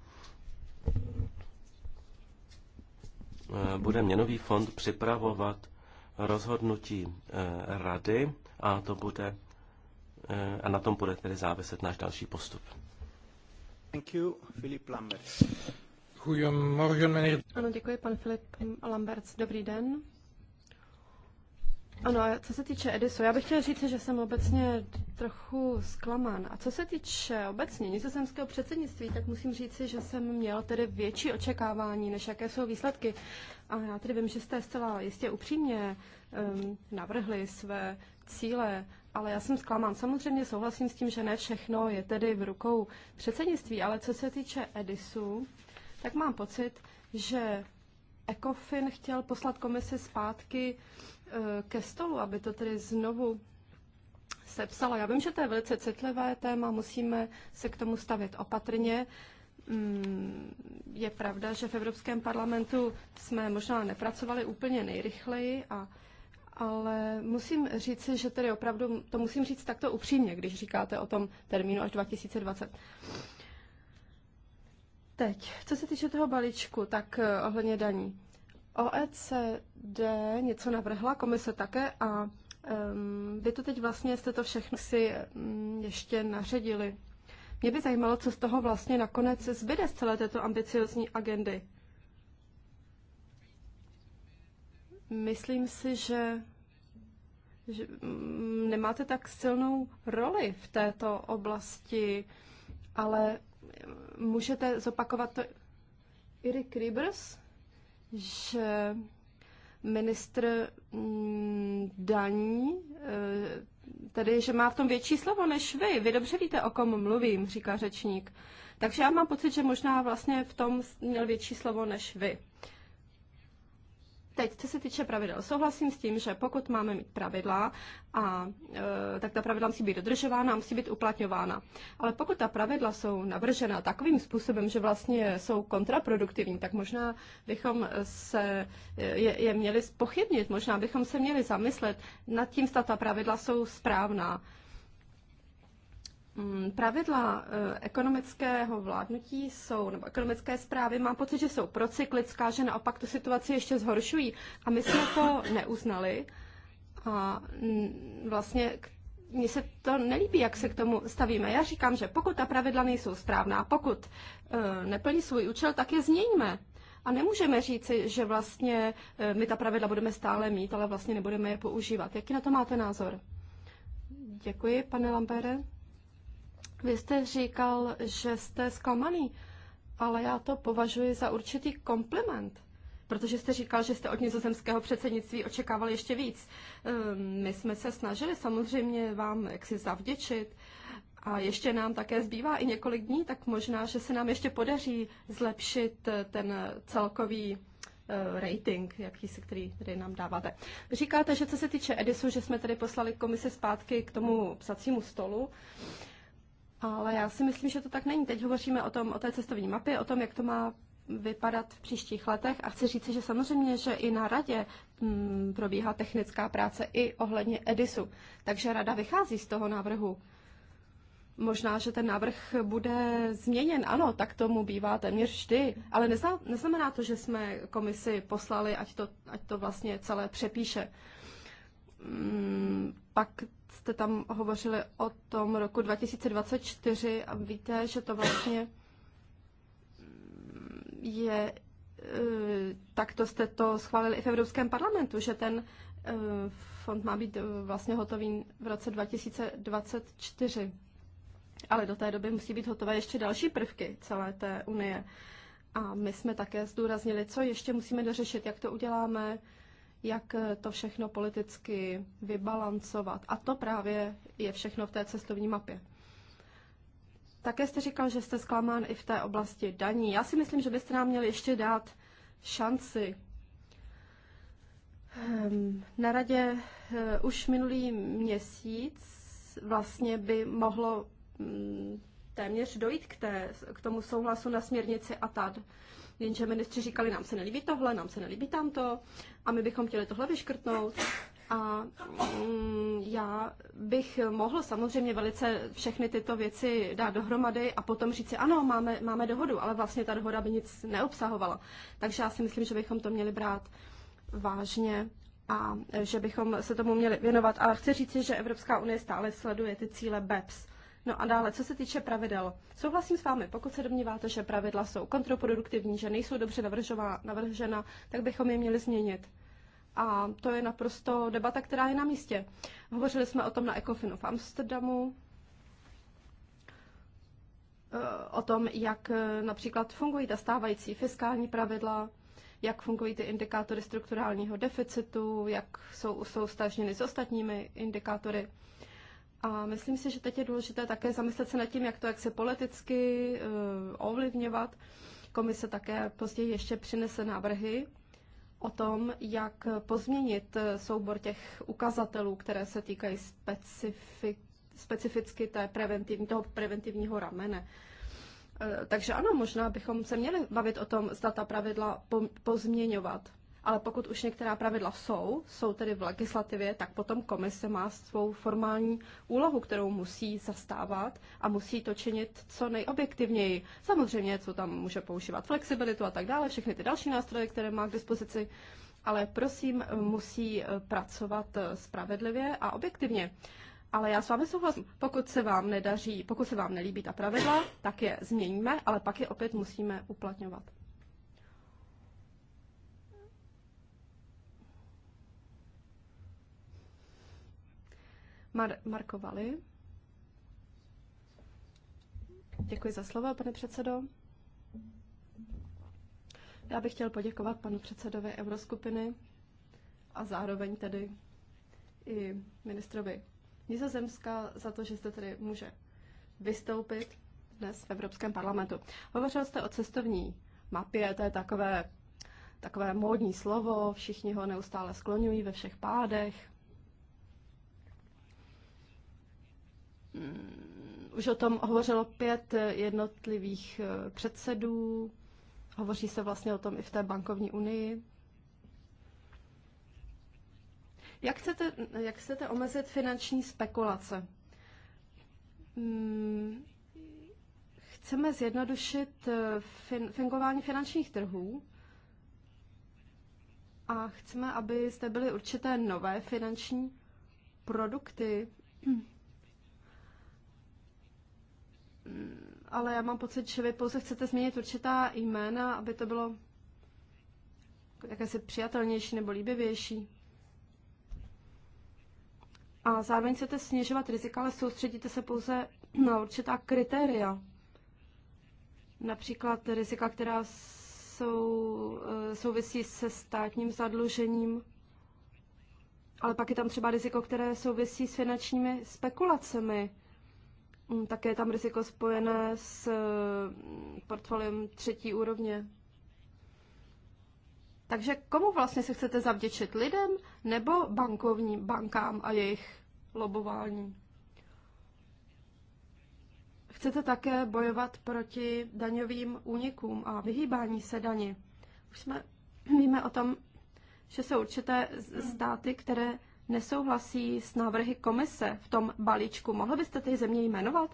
S3: Eh, bude měnový fond připravovat rozhodnutí eh, rady a to bude a na tom bude tedy záviset náš další postup. Thank you, Philip Lambert.
S2: Ano, děkuji, pan Filip Lamberts. Dobrý den. Ano, a co se týče Edisu, já bych chtěla říct, že jsem obecně trochu zklamán. A co se týče obecně nizozemského předsednictví, tak musím říct, že jsem měl tedy větší očekávání, než jaké jsou výsledky. A já tedy vím, že jste zcela jistě upřímně um, navrhli své cíle, ale já jsem zklamán. Samozřejmě souhlasím s tím, že ne všechno je tedy v rukou předsednictví, ale co se týče Edisu, tak mám pocit, že ECOFIN chtěl poslat komisi zpátky e, ke stolu, aby to tedy znovu sepsala. Já vím, že to je velice citlivé téma, musíme se k tomu stavit opatrně. Mm, je pravda, že v Evropském parlamentu jsme možná nepracovali úplně nejrychleji, a, ale musím říci, že tedy opravdu, to musím říct takto upřímně, když říkáte o tom termínu až 2020. Teď, co se týče toho balíčku, tak eh, ohledně daní. OECD něco navrhla, komise také a um, vy to teď vlastně jste to všechno si um, ještě naředili. Mě by zajímalo, co z toho vlastně nakonec zbyde z celé této ambiciozní agendy. Myslím si, že, že mm, nemáte tak silnou roli v této oblasti, ale můžete zopakovat to Erik Rivers, že ministr mm, daní, eh, tedy že má v tom větší slovo než vy. Vy dobře víte, o kom mluvím, říká řečník. Takže já mám pocit, že možná vlastně v tom měl větší slovo než vy. Teď, co se týče pravidel, souhlasím s tím, že pokud máme mít pravidla, a, e, tak ta pravidla musí být dodržována a musí být uplatňována. Ale pokud ta pravidla jsou navržena takovým způsobem, že vlastně jsou kontraproduktivní, tak možná bychom se je, je měli spochybnit, možná bychom se měli zamyslet nad tím, zda ta pravidla jsou správná. E, Mm, pravidla eh, ekonomického vládnutí jsou, nebo ekonomické zprávy, mám pocit, že jsou procyklická, že naopak tu situaci ještě zhoršují. A my jsme to neuznali. A mm, vlastně mně se to nelíbí, jak se k tomu stavíme. Já říkám, že pokud ta pravidla nejsou správná, pokud eh, neplní svůj účel, tak je změníme. A nemůžeme říci, že vlastně eh, my ta pravidla budeme stále mít, ale vlastně nebudeme je používat. Jaký na to máte názor? Děkuji, pane Lampere. Vy jste říkal, že jste zklamaný, ale já to považuji za určitý kompliment, protože jste říkal, že jste od nizozemského předsednictví očekával ještě víc. Ehm, my jsme se snažili samozřejmě vám jaksi zavděčit a ještě nám také zbývá i několik dní, tak možná, že se nám ještě podaří zlepšit eh, ten celkový eh, rating, jaký si, který tady nám dáváte. Říkáte, že co se týče Edisu, že jsme tady poslali komisi zpátky k tomu psacímu stolu. Ale já si myslím, že to tak není. Teď hovoříme o, tom, o té cestovní mapě, o tom, jak to má vypadat v příštích letech a chci říct, že samozřejmě, že i na radě mm, probíhá technická práce i ohledně Edisu. Takže rada vychází z toho návrhu. Možná, že ten návrh bude změněn, ano, tak tomu bývá téměř vždy, ale neznamená to, že jsme komisi poslali, ať to, ať to vlastně celé přepíše. Mm, pak jste tam hovořili o tom roku 2024 a víte, že to vlastně je, eh, tak to jste to schválili i v Evropském parlamentu, že ten eh, fond má být eh, vlastně hotový v roce 2024. Ale do té doby musí být hotové ještě další prvky celé té unie. A my jsme také zdůraznili, co ještě musíme dořešit, jak to uděláme, jak eh, to všechno politicky vybalancovat. A to právě je všechno v té cestovní mapě. Také jste říkal, že jste zklamán i v té oblasti daní. Já si myslím, že byste nám měli ještě dát šanci. Ehm, na radě eh, už minulý měsíc vlastně by mohlo mm, téměř dojít k, té, k tomu souhlasu na směrnici ATAD jenže ministři říkali, nám se nelíbí tohle, nám se nelíbí tamto a my bychom chtěli tohle vyškrtnout. A mm, já bych mohl samozřejmě velice všechny tyto věci dát dohromady a potom říci, ano, máme, máme dohodu, ale vlastně ta dohoda by nic neobsahovala. Takže já si myslím, že bychom to měli brát vážně a že bychom se tomu měli věnovat. A chci říci, že Evropská unie stále sleduje ty cíle BEPS. No a dále, co se týče pravidel. Souhlasím s vámi, pokud se domníváte, že pravidla jsou kontraproduktivní, že nejsou dobře navržena, tak bychom je měli změnit. A to je naprosto debata, která je na místě. Hovořili jsme o tom na Ecofinu v Amsterdamu, eh, o tom, jak eh, například fungují ta stávající fiskální pravidla, jak fungují ty indikátory strukturálního deficitu, jak jsou, jsou stažněny s ostatními indikátory. A myslím si, že teď je důležité také zamyslet se nad tím, jak to jak se politicky uh, ovlivňovat. Komise také později ještě přinese návrhy o tom, jak pozměnit eh, soubor těch ukazatelů, které se týkají specifik, specificky té preventivní, toho preventivního ramene. Eh, takže ano, možná bychom se měli bavit o tom, zda ta pravidla pozměňovat ale pokud už některá pravidla jsou, jsou tedy v legislativě, tak potom komise má svou formální úlohu, kterou musí zastávat a musí to činit co nejobjektivněji. Samozřejmě, co tam může používat flexibilitu a tak dále, všechny ty další nástroje, které má k dispozici, ale prosím, musí eh, pracovat eh, spravedlivě a objektivně. Ale já s vámi souhlasím. Pokud se vám nedaří, pokud se vám nelíbí ta pravidla, tak je změníme, ale pak je opět musíme uplatňovat. Mar- markovali. Děkuji za slovo, pane předsedo. Já bych chtěl poděkovat panu předsedovi Euroskupiny a zároveň tedy i ministrovi Nizozemska za to, že jste tedy může vystoupit dnes v Evropském parlamentu. Hovořil jste o cestovní mapě, to je takové, takové módní slovo, všichni ho neustále skloňují ve všech pádech. už o tom hovořilo pět jednotlivých eh, předsedů. Hovoří se vlastně o tom i v té bankovní unii. Jak chcete, jak chcete omezit finanční spekulace? Hmm, chceme zjednodušit eh, fin, fungování finančních trhů a chceme, aby zde byly určité nové finanční produkty, ale já mám pocit, že vy pouze chcete změnit určitá jména, aby to bylo jakési přijatelnější nebo líbivější. A zároveň chcete snižovat rizika, ale soustředíte se pouze na určitá kritéria. Například rizika, která jsou, eh, souvisí se státním zadlužením, ale pak je tam třeba riziko, které souvisí s finančními spekulacemi Mm, také je tam riziko spojené s eh, portfoliem třetí úrovně. Takže komu vlastně se chcete zavděčit? Lidem nebo bankovním bankám a jejich lobování? Chcete také bojovat proti daňovým únikům a vyhýbání se dani. Už jsme víme o tom, že jsou určité státy, které nesouhlasí s návrhy komise v tom balíčku. Mohl byste ty země jmenovat?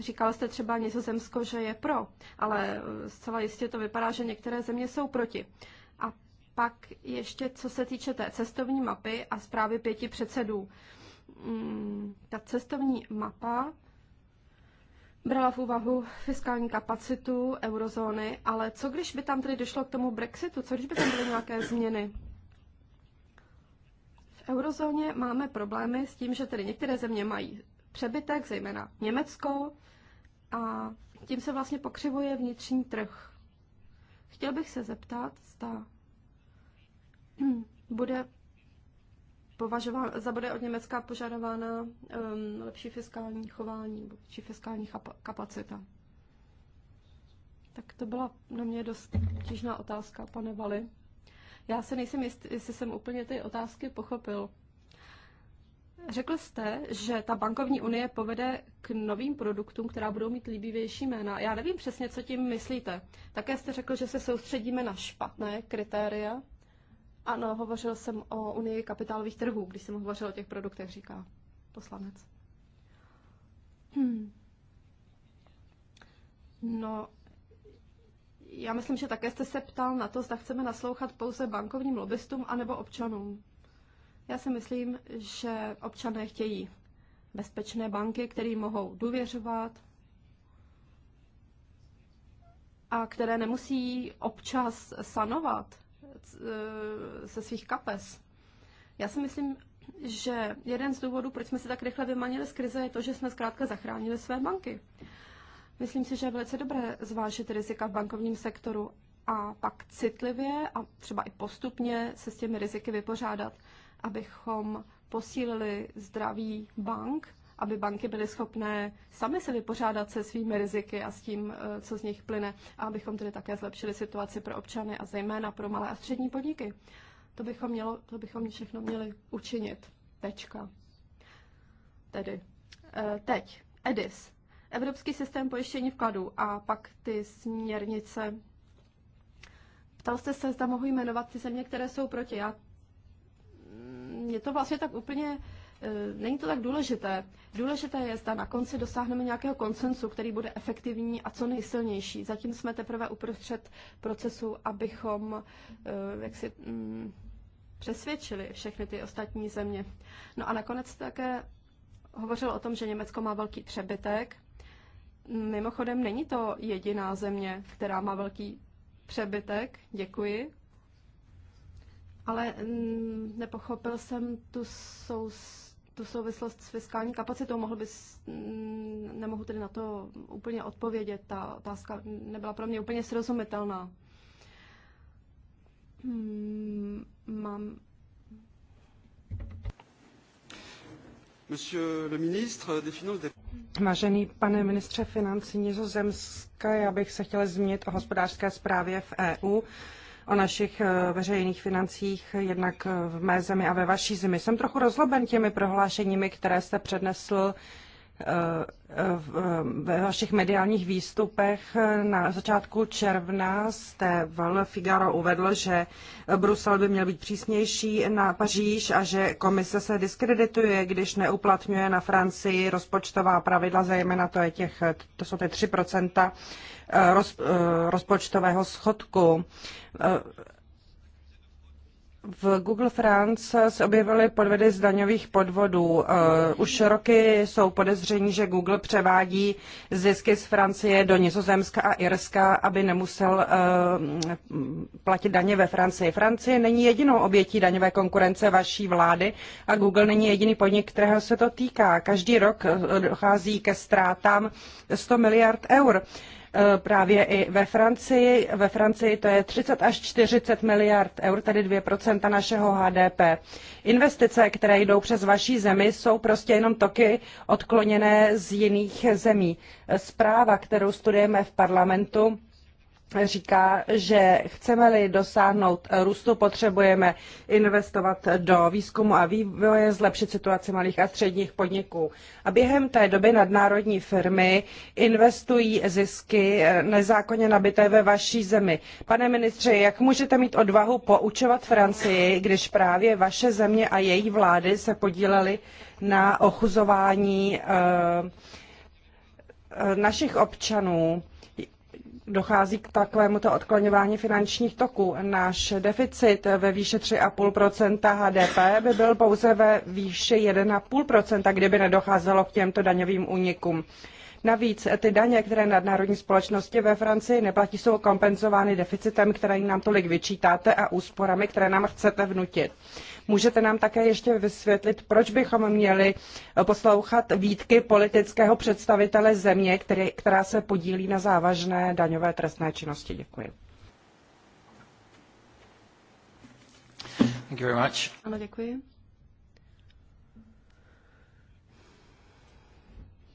S2: Říkal jste třeba Nizozemsko, že je pro, ale eh, zcela jistě to vypadá, že některé země jsou proti. A pak ještě, co se týče té cestovní mapy a zprávy pěti předsedů. Mm, ta cestovní mapa brala v úvahu fiskální kapacitu eurozóny, ale co když by tam tedy došlo k tomu Brexitu? Co když by tam byly nějaké změny? eurozóně máme problémy s tím, že tedy některé země mají přebytek, zejména Německo, a tím se vlastně pokřivuje vnitřní trh. Chtěl bych se zeptat, zda hm, bude považován, za bude od Německa požadována um, lepší fiskální chování, lepší fiskální kapacita. Tak to byla na mě dost těžná otázka, pane Vali. Já se nejsem jist, jestli jsem úplně ty otázky pochopil. Řekl jste, že ta bankovní unie povede k novým produktům, která budou mít líbivější jména. Já nevím přesně, co tím myslíte. Také jste řekl, že se soustředíme na špatné kritéria. Ano, hovořil jsem o unii kapitálových trhů, když jsem hovořil o těch produktech, říká poslanec. Hmm. No, já myslím, že také jste se ptal na to, zda chceme naslouchat pouze bankovním lobbystům anebo občanům. Já si myslím, že občané chtějí bezpečné banky, které mohou důvěřovat a které nemusí občas sanovat se eh, svých kapes. Já si myslím, že jeden z důvodů, proč jsme se tak rychle vymanili z krize, je to, že jsme zkrátka zachránili své banky. Myslím si, že je velice dobré zvážit rizika v bankovním sektoru a pak citlivě a třeba i postupně se s těmi riziky vypořádat, abychom posílili zdraví bank, aby banky byly schopné sami se vypořádat se svými riziky a s tím, eh, co z nich plyne, a abychom tedy také zlepšili situaci pro občany a zejména pro malé a střední podniky. To bychom, mělo, to bychom všechno měli učinit. Tečka. Tedy. Eh, teď. Edis. Evropský systém pojištění vkladů a pak ty směrnice. Ptal jste se, zda mohu jmenovat ty země, které jsou proti. Já, mě to vlastně tak úplně, e, není to tak důležité. Důležité je, zda na konci dosáhneme nějakého koncensu, který bude efektivní a co nejsilnější. Zatím jsme teprve uprostřed procesu, abychom e, jak si, mm, přesvědčili všechny ty ostatní země. No a nakonec také hovořil o tom, že Německo má velký přebytek. Mimochodem, není to jediná země, která má velký přebytek. Děkuji. Ale mm, nepochopil jsem tu, sou, tu souvislost s fiskální kapacitou. Mohl bys, mm, nemohu tedy na to úplně odpovědět. Ta otázka nebyla pro mě úplně srozumitelná.
S1: Hmm, mám Monsieur le ministre des Finances. Vážený pane ministře financí Nizozemska, já bych se chtěla zmínit o hospodářské zprávě v EU, o našich eh, veřejných financích, jednak v mé zemi a ve vaší zemi. Jsem trochu rozloben těmi prohlášeními, které jste přednesl ve vašich mediálních výstupech na začátku června jste v Figaro uvedl, že Brusel by měl být přísnější na Paříž a že komise se diskredituje, když neuplatňuje na Francii rozpočtová pravidla, zejména to, je těch, to jsou ty 3 eh, eh, rozpočtového schodku. Eh, v Google France se objevily podvody z daňových podvodů. Eh, už roky jsou podezření, že Google převádí zisky z Francie do Nizozemska a Irska, aby nemusel eh, platit daně ve Francii. Francie není jedinou obětí daňové konkurence vaší vlády a Google není jediný podnik, kterého se to týká. Každý rok eh, dochází ke ztrátám 100 miliard eur. Eh, právě i ve Francii. Ve Francii to je 30 až 40 miliard eur, tedy 2% našeho HDP. Investice, které jdou přes vaší zemi, jsou prostě jenom toky odkloněné z jiných zemí. Eh, zpráva, kterou studujeme v parlamentu, říká, že chceme-li dosáhnout růstu, potřebujeme investovat do výzkumu a vývoje, zlepšit situaci malých a středních podniků. A během té doby nadnárodní firmy investují zisky eh, nezákonně nabité ve vaší zemi. Pane ministře, jak můžete mít odvahu poučovat Francii, když právě vaše země a její vlády se podílely na ochuzování eh, eh, našich občanů? dochází k takovému to odklaňování finančních toků. Náš deficit ve výše 3,5 HDP by byl pouze ve výše 1,5 kdyby nedocházelo k těmto daňovým únikům. Navíc ty daně, které nadnárodní společnosti ve Francii neplatí, jsou kompenzovány deficitem, který nám tolik vyčítáte a úsporami, které nám chcete vnutit. Můžete nám také ještě vysvětlit, proč bychom měli poslouchat výtky politického představitele země, který, která se podílí na závažné daňové trestné činnosti. Děkuji.
S2: Thank you very much. Ano, děkuji.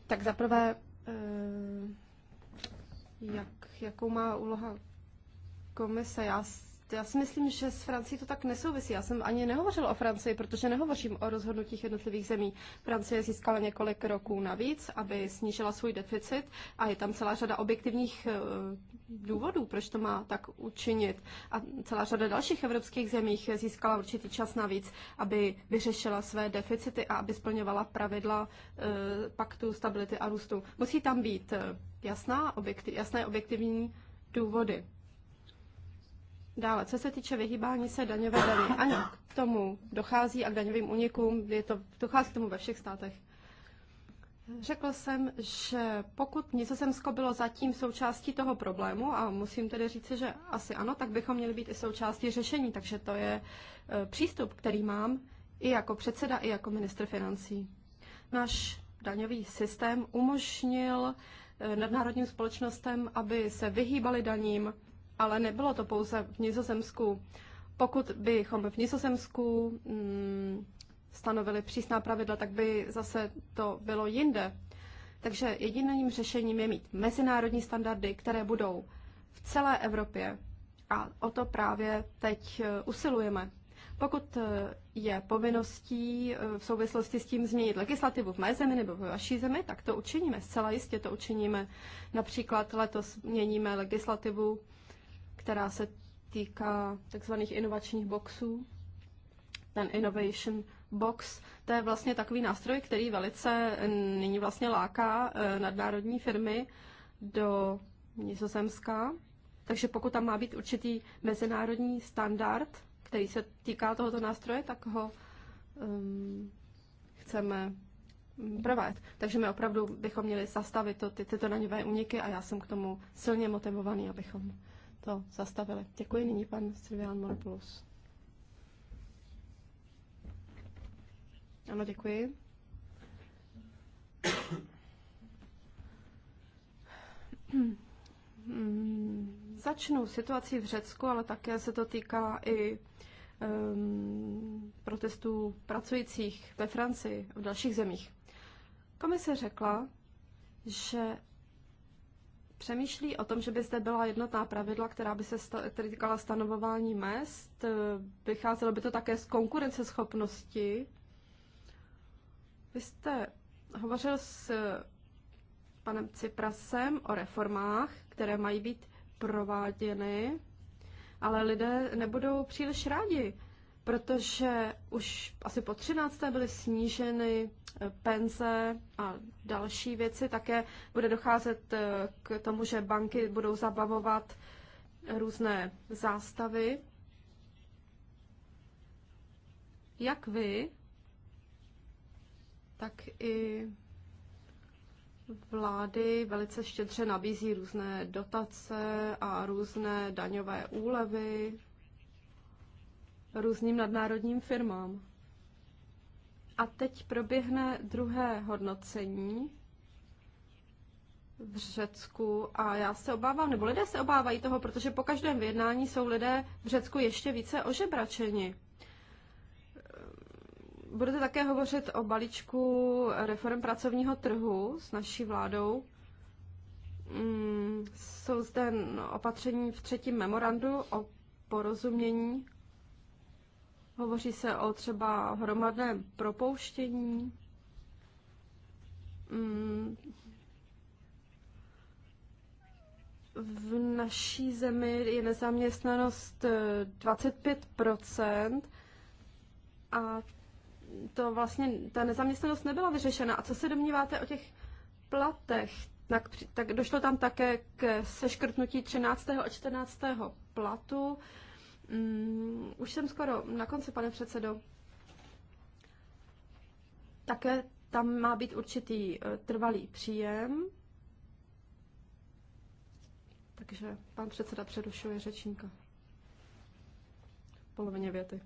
S2: Tak zaprvé Eh, jak, jakou má úloha komise. Já já si myslím, že s Francií to tak nesouvisí. Já jsem ani nehovořil o Francii, protože nehovořím o rozhodnutích jednotlivých zemí. Francie získala několik roků navíc, aby snížila svůj deficit a je tam celá řada objektivních eh, důvodů, proč to má tak učinit. A celá řada dalších evropských zemích získala určitý čas navíc, aby vyřešila své deficity a aby splňovala pravidla eh, paktu stability a růstu. Musí tam být eh, jasná, objektiv, jasné objektivní důvody. Dále, co se týče vyhýbání se daňové daně, ano, k tomu dochází a k daňovým unikům, je to, dochází k tomu ve všech státech. Řekl jsem, že pokud Nizozemsko bylo zatím součástí toho problému, a musím tedy říci, že asi ano, tak bychom měli být i součástí řešení, takže to je e, přístup, který mám i jako předseda, i jako ministr financí. Náš daňový systém umožnil e, nadnárodním společnostem, aby se vyhýbali daním, ale nebylo to pouze v Nizozemsku. Pokud bychom v Nizozemsku mm, stanovili přísná pravidla, tak by zase to bylo jinde. Takže jediným řešením je mít mezinárodní standardy, které budou v celé Evropě. A o to právě teď e, usilujeme. Pokud e, je povinností e, v souvislosti s tím změnit legislativu v mé zemi nebo ve vaší zemi, tak to učiníme. Zcela jistě to učiníme. Například letos měníme legislativu která se týká takzvaných inovačních boxů. Ten Innovation Box, to je vlastně takový nástroj, který velice nyní vlastně láká eh, nadnárodní firmy do Nizozemska. Takže pokud tam má být určitý mezinárodní standard, který se týká tohoto nástroje, tak ho um, chceme provést. Takže my opravdu bychom měli zastavit to, ty, tyto daňové úniky a já jsem k tomu silně motivovaný, abychom to zastavili. Děkuji nyní pan Silvian Morpulus. Ano, děkuji. Začnu situací v Řecku, ale také se to týká i um, protestů pracujících ve Francii a v dalších zemích. Komise řekla, že přemýšlí o tom, že by zde byla jednotná pravidla, která by se sta- týkala stanovování mest. Eh, vycházelo by to také z konkurenceschopnosti. Vy jste hovořil s panem Ciprasem o reformách, které mají být prováděny, ale lidé nebudou příliš rádi, protože už asi po 13. byly sníženy eh, penze a další věci. Také bude docházet eh, k tomu, že banky budou zabavovat různé zástavy. Jak vy, tak i vlády velice štědře nabízí různé dotace a různé daňové úlevy různým nadnárodním firmám. A teď proběhne druhé hodnocení v Řecku a já se obávám, nebo lidé se obávají toho, protože po každém vyjednání jsou lidé v Řecku ještě více ožebračeni. Budete také hovořit o balíčku reform pracovního trhu s naší vládou. Mm, jsou zde opatření v třetím memorandu o porozumění Hovoří se o třeba hromadném propouštění. Mm. V naší zemi je nezaměstnanost 25 eh, a to vlastně, ta nezaměstnanost nebyla vyřešena. A co se domníváte o těch platech? Tak, tak došlo tam také k seškrtnutí 13. a 14. platu. Mm, už jsem skoro na konci, pane předsedo. Také tam má být určitý eh, trvalý příjem. Takže pan předseda přerušuje řečníka. polovině věty.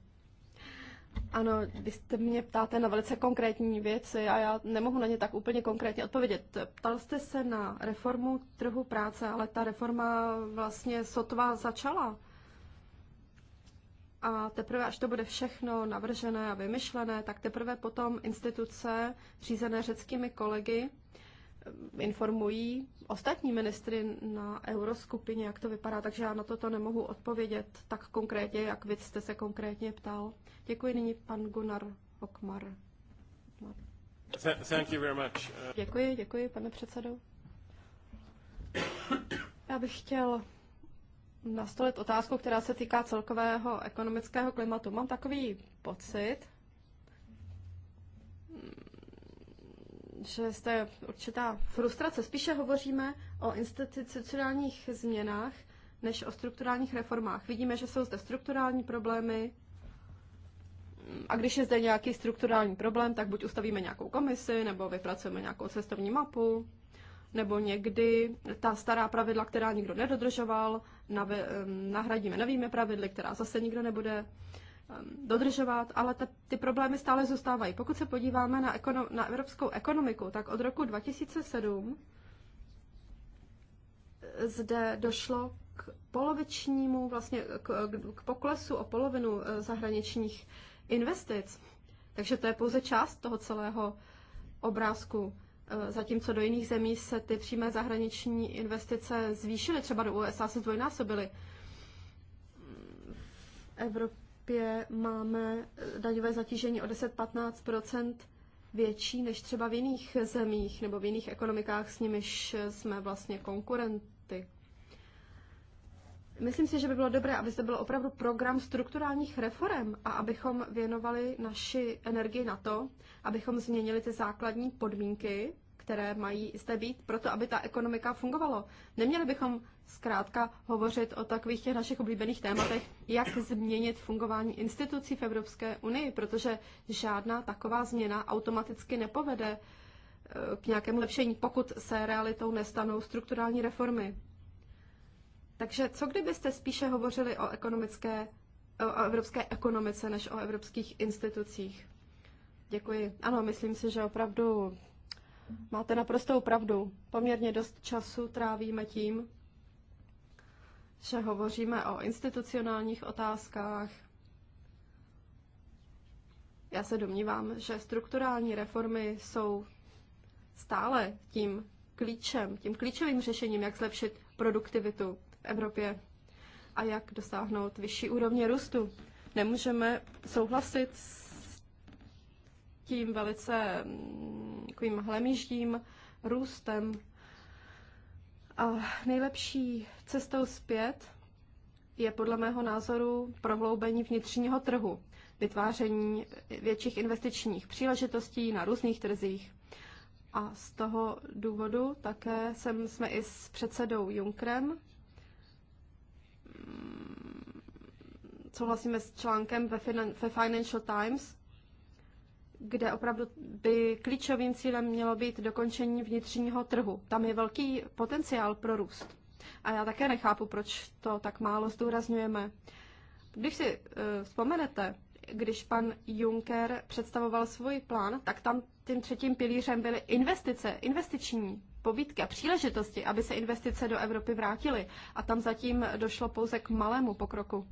S2: Ano, vy jste mě ptáte na velice konkrétní věci a já nemohu na ně tak úplně konkrétně odpovědět. Ptal jste se na reformu trhu práce, ale ta reforma vlastně sotva začala. A teprve, až to bude všechno navržené a vymyšlené, tak teprve potom instituce řízené řeckými kolegy eh, informují ostatní ministry na euroskupině, jak to vypadá, takže já na toto nemohu odpovědět tak konkrétně, jak vy jste se konkrétně ptal. Děkuji nyní pan Gunnar Okmar.
S3: Thank you very much.
S2: Děkuji, děkuji, pane předsedo. Já bych chtěl nastolit otázku, která se týká celkového ekonomického klimatu. Mám takový pocit, že jste určitá frustrace. Spíše hovoříme o institucionálních změnách než o strukturálních reformách. Vidíme, že jsou zde strukturální problémy, a když je zde nějaký strukturální problém, tak buď ustavíme nějakou komisi, nebo vypracujeme nějakou cestovní mapu, nebo někdy ta stará pravidla, která nikdo nedodržoval, nahradíme novými pravidly, která zase nikdo nebude dodržovat, ale ta, ty problémy stále zůstávají. Pokud se podíváme na, ekono, na evropskou ekonomiku, tak od roku 2007 eh, zde došlo k polovičnímu, vlastně k, eh, k poklesu o polovinu eh, zahraničních investic. Takže to je pouze část toho celého obrázku. Eh, zatímco do jiných zemí se ty přímé zahraniční investice zvýšily, třeba do USA se zdvojnásobily. V Evropě máme eh, daňové zatížení o 10-15 větší než třeba v jiných zemích nebo v jiných ekonomikách, s nimiž eh, jsme vlastně konkurenty. Myslím si, že by bylo dobré, aby zde byl opravdu program strukturálních reform a abychom věnovali naši energii na to, abychom změnili ty základní podmínky, které mají zde být, proto aby ta ekonomika fungovala. Neměli bychom zkrátka hovořit o takových těch našich oblíbených tématech, jak změnit fungování institucí v Evropské unii, protože žádná taková změna automaticky nepovede eh, k nějakému lepšení, pokud se realitou nestanou strukturální reformy. Takže co kdybyste spíše hovořili o, ekonomické, o evropské ekonomice než o evropských institucích? Děkuji. Ano, myslím si, že opravdu máte naprostou pravdu. Poměrně dost času trávíme tím, že hovoříme o institucionálních otázkách. Já se domnívám, že strukturální reformy jsou stále tím klíčem, tím klíčovým řešením, jak zlepšit produktivitu. Evropě a jak dosáhnout vyšší úrovně růstu. Nemůžeme souhlasit s tím velice mm, takovým hlemíždím růstem. A nejlepší cestou zpět je podle mého názoru prohloubení vnitřního trhu, vytváření větších investičních příležitostí na různých trzích. A z toho důvodu také jsem, jsme i s předsedou Junkrem souhlasíme s článkem ve, finan, ve Financial Times, kde opravdu by klíčovým cílem mělo být dokončení vnitřního trhu. Tam je velký potenciál pro růst. A já také nechápu, proč to tak málo zdůrazňujeme. Když si uh, vzpomenete, když pan Juncker představoval svůj plán, tak tam tím třetím pilířem byly investice, investiční pobídky a příležitosti, aby se investice do Evropy vrátily. A tam zatím došlo pouze k malému pokroku.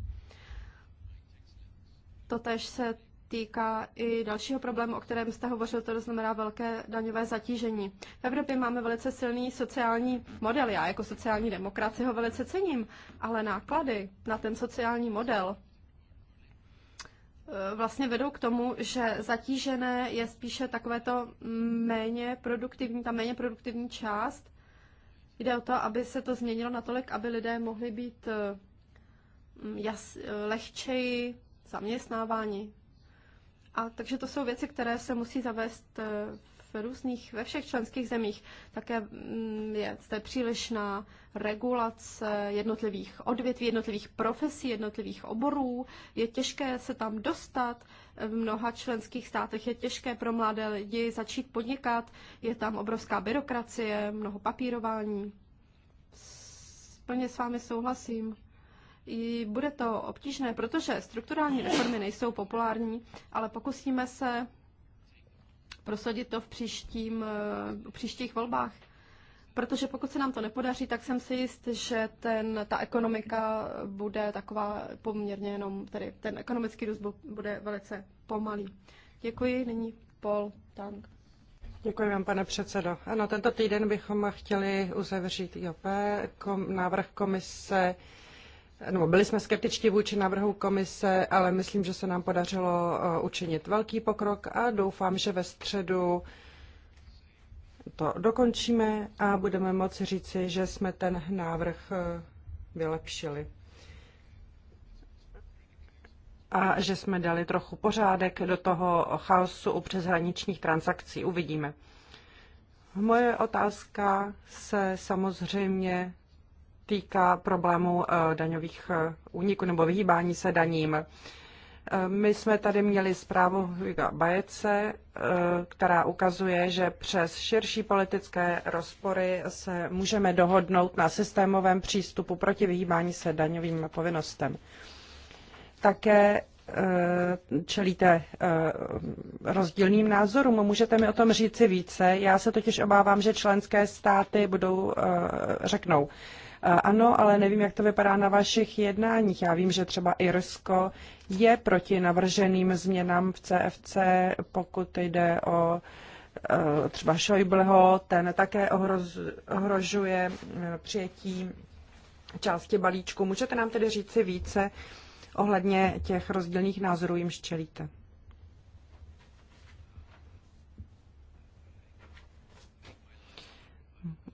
S2: Totež se týká i dalšího problému, o kterém jste hovořil, to znamená velké daňové zatížení. V Evropě máme velice silný sociální model. Já jako sociální demokrat si ho velice cením, ale náklady na ten sociální model Eh, vlastně vedou k tomu, že zatížené je spíše takovéto méně produktivní, ta méně produktivní část. Jde o to, aby se to změnilo natolik, aby lidé mohli být eh, mm, jas, eh, lehčeji zaměstnáváni. A takže to jsou věci, které se musí zavést v různých, ve všech členských zemích. Také mm, je zde přílišná regulace jednotlivých odvětví, jednotlivých profesí, jednotlivých oborů. Je těžké se tam dostat. V mnoha členských státech je těžké pro mladé lidi začít podnikat. Je tam obrovská byrokracie, mnoho papírování. Plně s vámi souhlasím i bude to obtížné, protože strukturální reformy nejsou populární, ale pokusíme se prosadit to v příštím, eh, v příštích volbách. Protože pokud se nám to nepodaří, tak jsem si jist, že ten, ta ekonomika bude taková poměrně jenom, tedy ten ekonomický růst bude velice pomalý. Děkuji, nyní Paul Tang.
S1: Děkuji vám, pane předsedo. Ano, tento týden bychom chtěli uzavřít IOP, kom, návrh komise nebo byli jsme skeptičtí vůči návrhu komise, ale myslím, že se nám podařilo eh, učinit velký pokrok a doufám, že ve středu to dokončíme a budeme moci říci, že jsme ten návrh eh, vylepšili. A že jsme dali trochu pořádek do toho chaosu u přeshraničních transakcí. Uvidíme. Moje otázka se samozřejmě týká problému eh, daňových eh, úniků nebo vyhýbání se daním. Eh, my jsme tady měli zprávu Huga Bajece, která ukazuje, že přes širší politické rozpory se můžeme dohodnout na systémovém přístupu proti vyhýbání se daňovým povinnostem. Také čelíte rozdílným názorům. Můžete mi o tom říci více? Já se totiž obávám, že členské státy budou řeknou, ano, ale nevím, jak to vypadá na vašich jednáních. Já vím, že třeba Irsko je proti navrženým změnám v CFC, pokud jde o eh, třeba Schäubleho, ten také ohroz, ohrožuje eh, přijetí části balíčku. Můžete nám tedy říci více ohledně těch rozdílných názorů, jimž čelíte?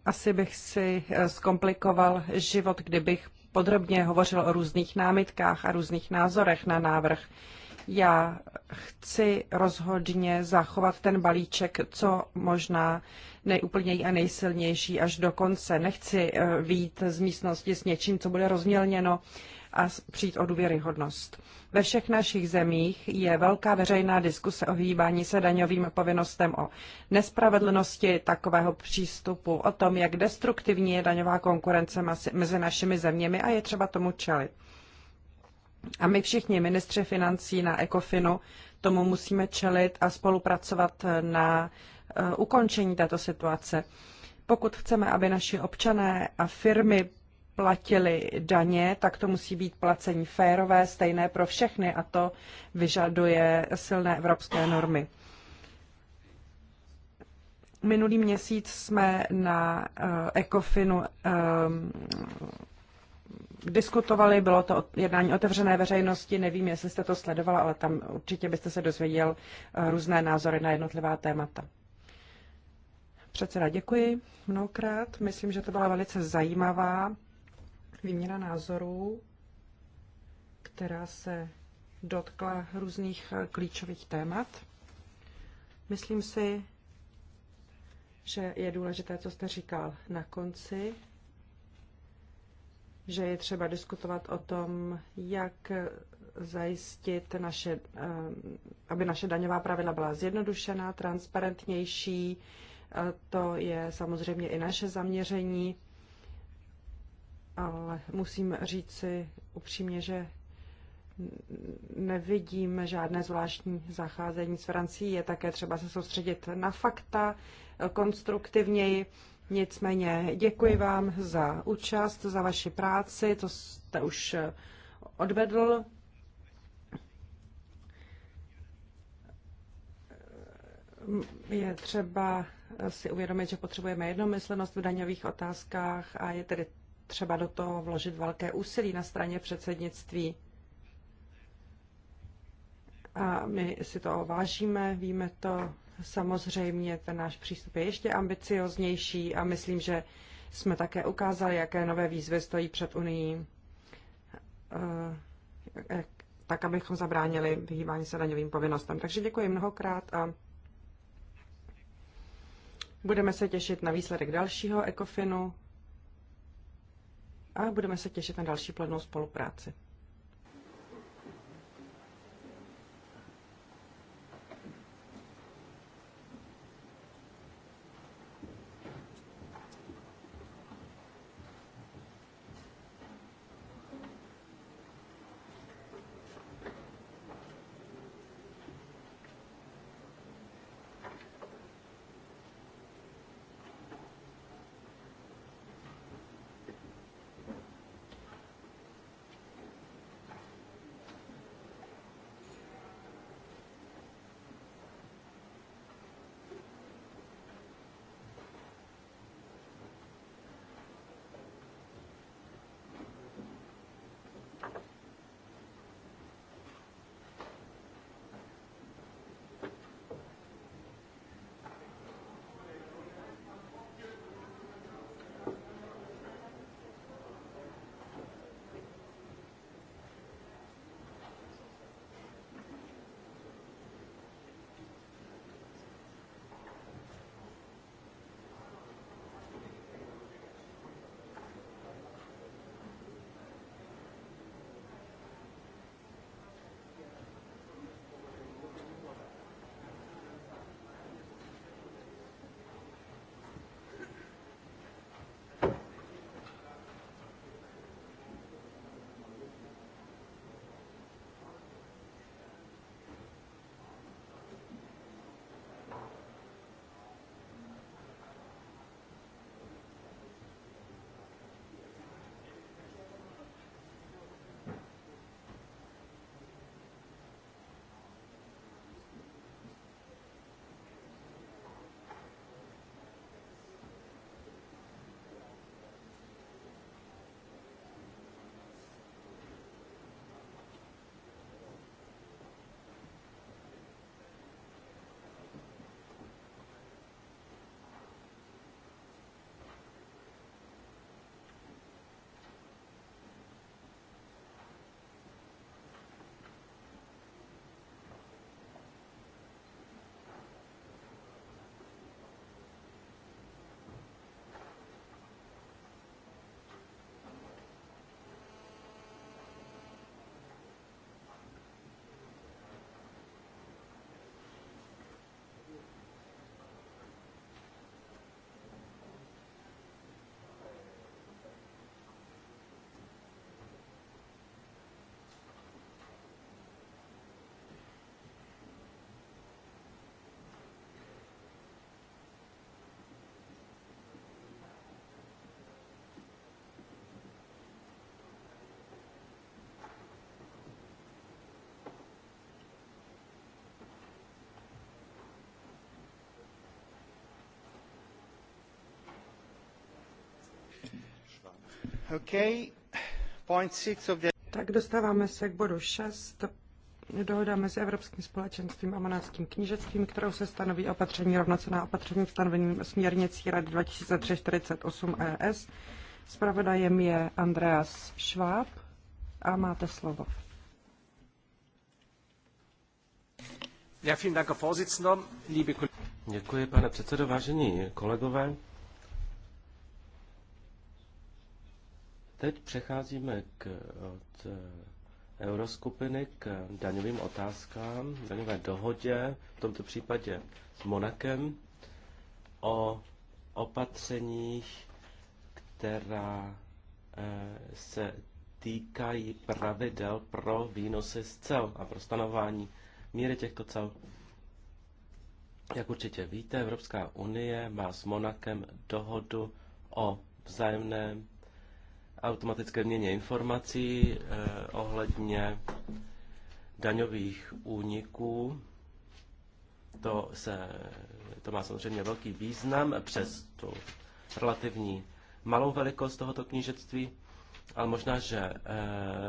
S1: Asi bych si eh, zkomplikoval život, kdybych podrobně hovořil o různých námitkách a různých názorech na návrh. Já chci rozhodně zachovat ten balíček co možná nejúplněji a nejsilnější až do konce. Nechci eh, výjít z místnosti s něčím, co bude rozmělněno a přijít o důvěryhodnost. Ve všech našich zemích je velká veřejná diskuse o hýbání se daňovým povinnostem, o nespravedlnosti takového přístupu, o tom, jak destruktivní je daňová konkurence mezi našimi zeměmi a je třeba tomu čelit. A my všichni, ministři financí na ECOFINu, tomu musíme čelit a spolupracovat na eh, ukončení této situace. Pokud chceme, aby naši občané a firmy platili daně, tak to musí být placení férové, stejné pro všechny a to vyžaduje silné evropské normy. Minulý měsíc jsme na uh, ECOFINu um, diskutovali, bylo to jednání otevřené veřejnosti, nevím, jestli jste to sledovala, ale tam určitě byste se dozvěděl uh, různé názory na jednotlivá témata. Předseda, děkuji mnohokrát. Myslím, že to byla velice zajímavá výměna názorů, která se dotkla různých eh, klíčových témat. Myslím si, že je důležité, co jste říkal na konci, že je třeba diskutovat o tom, jak zajistit, naše, eh, aby naše daňová pravidla byla zjednodušená, transparentnější. Eh, to je samozřejmě i naše zaměření ale musím si upřímně, že nevidím žádné zvláštní zacházení s Francií. Je také třeba se soustředit na fakta konstruktivněji. Nicméně děkuji vám za účast, za vaši práci, to jste už odvedl. Je třeba si uvědomit, že potřebujeme jednomyslenost v daňových otázkách a je tedy třeba do toho vložit velké úsilí na straně předsednictví. A my si to vážíme, víme to. Samozřejmě ten náš přístup je ještě ambicioznější a myslím, že jsme také ukázali, jaké nové výzvy stojí před Unii, eh, tak abychom zabránili vyhýbání se daňovým povinnostem. Takže děkuji mnohokrát a budeme se těšit na výsledek dalšího ECOFINu a budeme se těšit na další plodnou spolupráci. Okay. Point six of the... Tak dostáváme se k bodu 6. Dohoda mezi Evropským společenstvím a monáckým knížectvím, kterou se stanoví opatření rovnocená opatření stanoveným směrnicí Rady 2348 ES. Spravodajem je Andreas Schwab a máte slovo.
S3: Děkuji, pane předsedo, vážení kolegové. Teď přecházíme k, od eh, euroskupiny k daňovým otázkám, daňové dohodě, v tomto případě s Monakem, o opatřeních, která eh, se týkají pravidel pro výnosy z cel a pro stanování míry těchto cel. Jak určitě víte, Evropská unie má s Monakem dohodu o vzájemném automatické měně informací eh, ohledně daňových úniků. To, se, to má samozřejmě velký význam přes tu relativní malou velikost tohoto knížectví, ale možná, že e,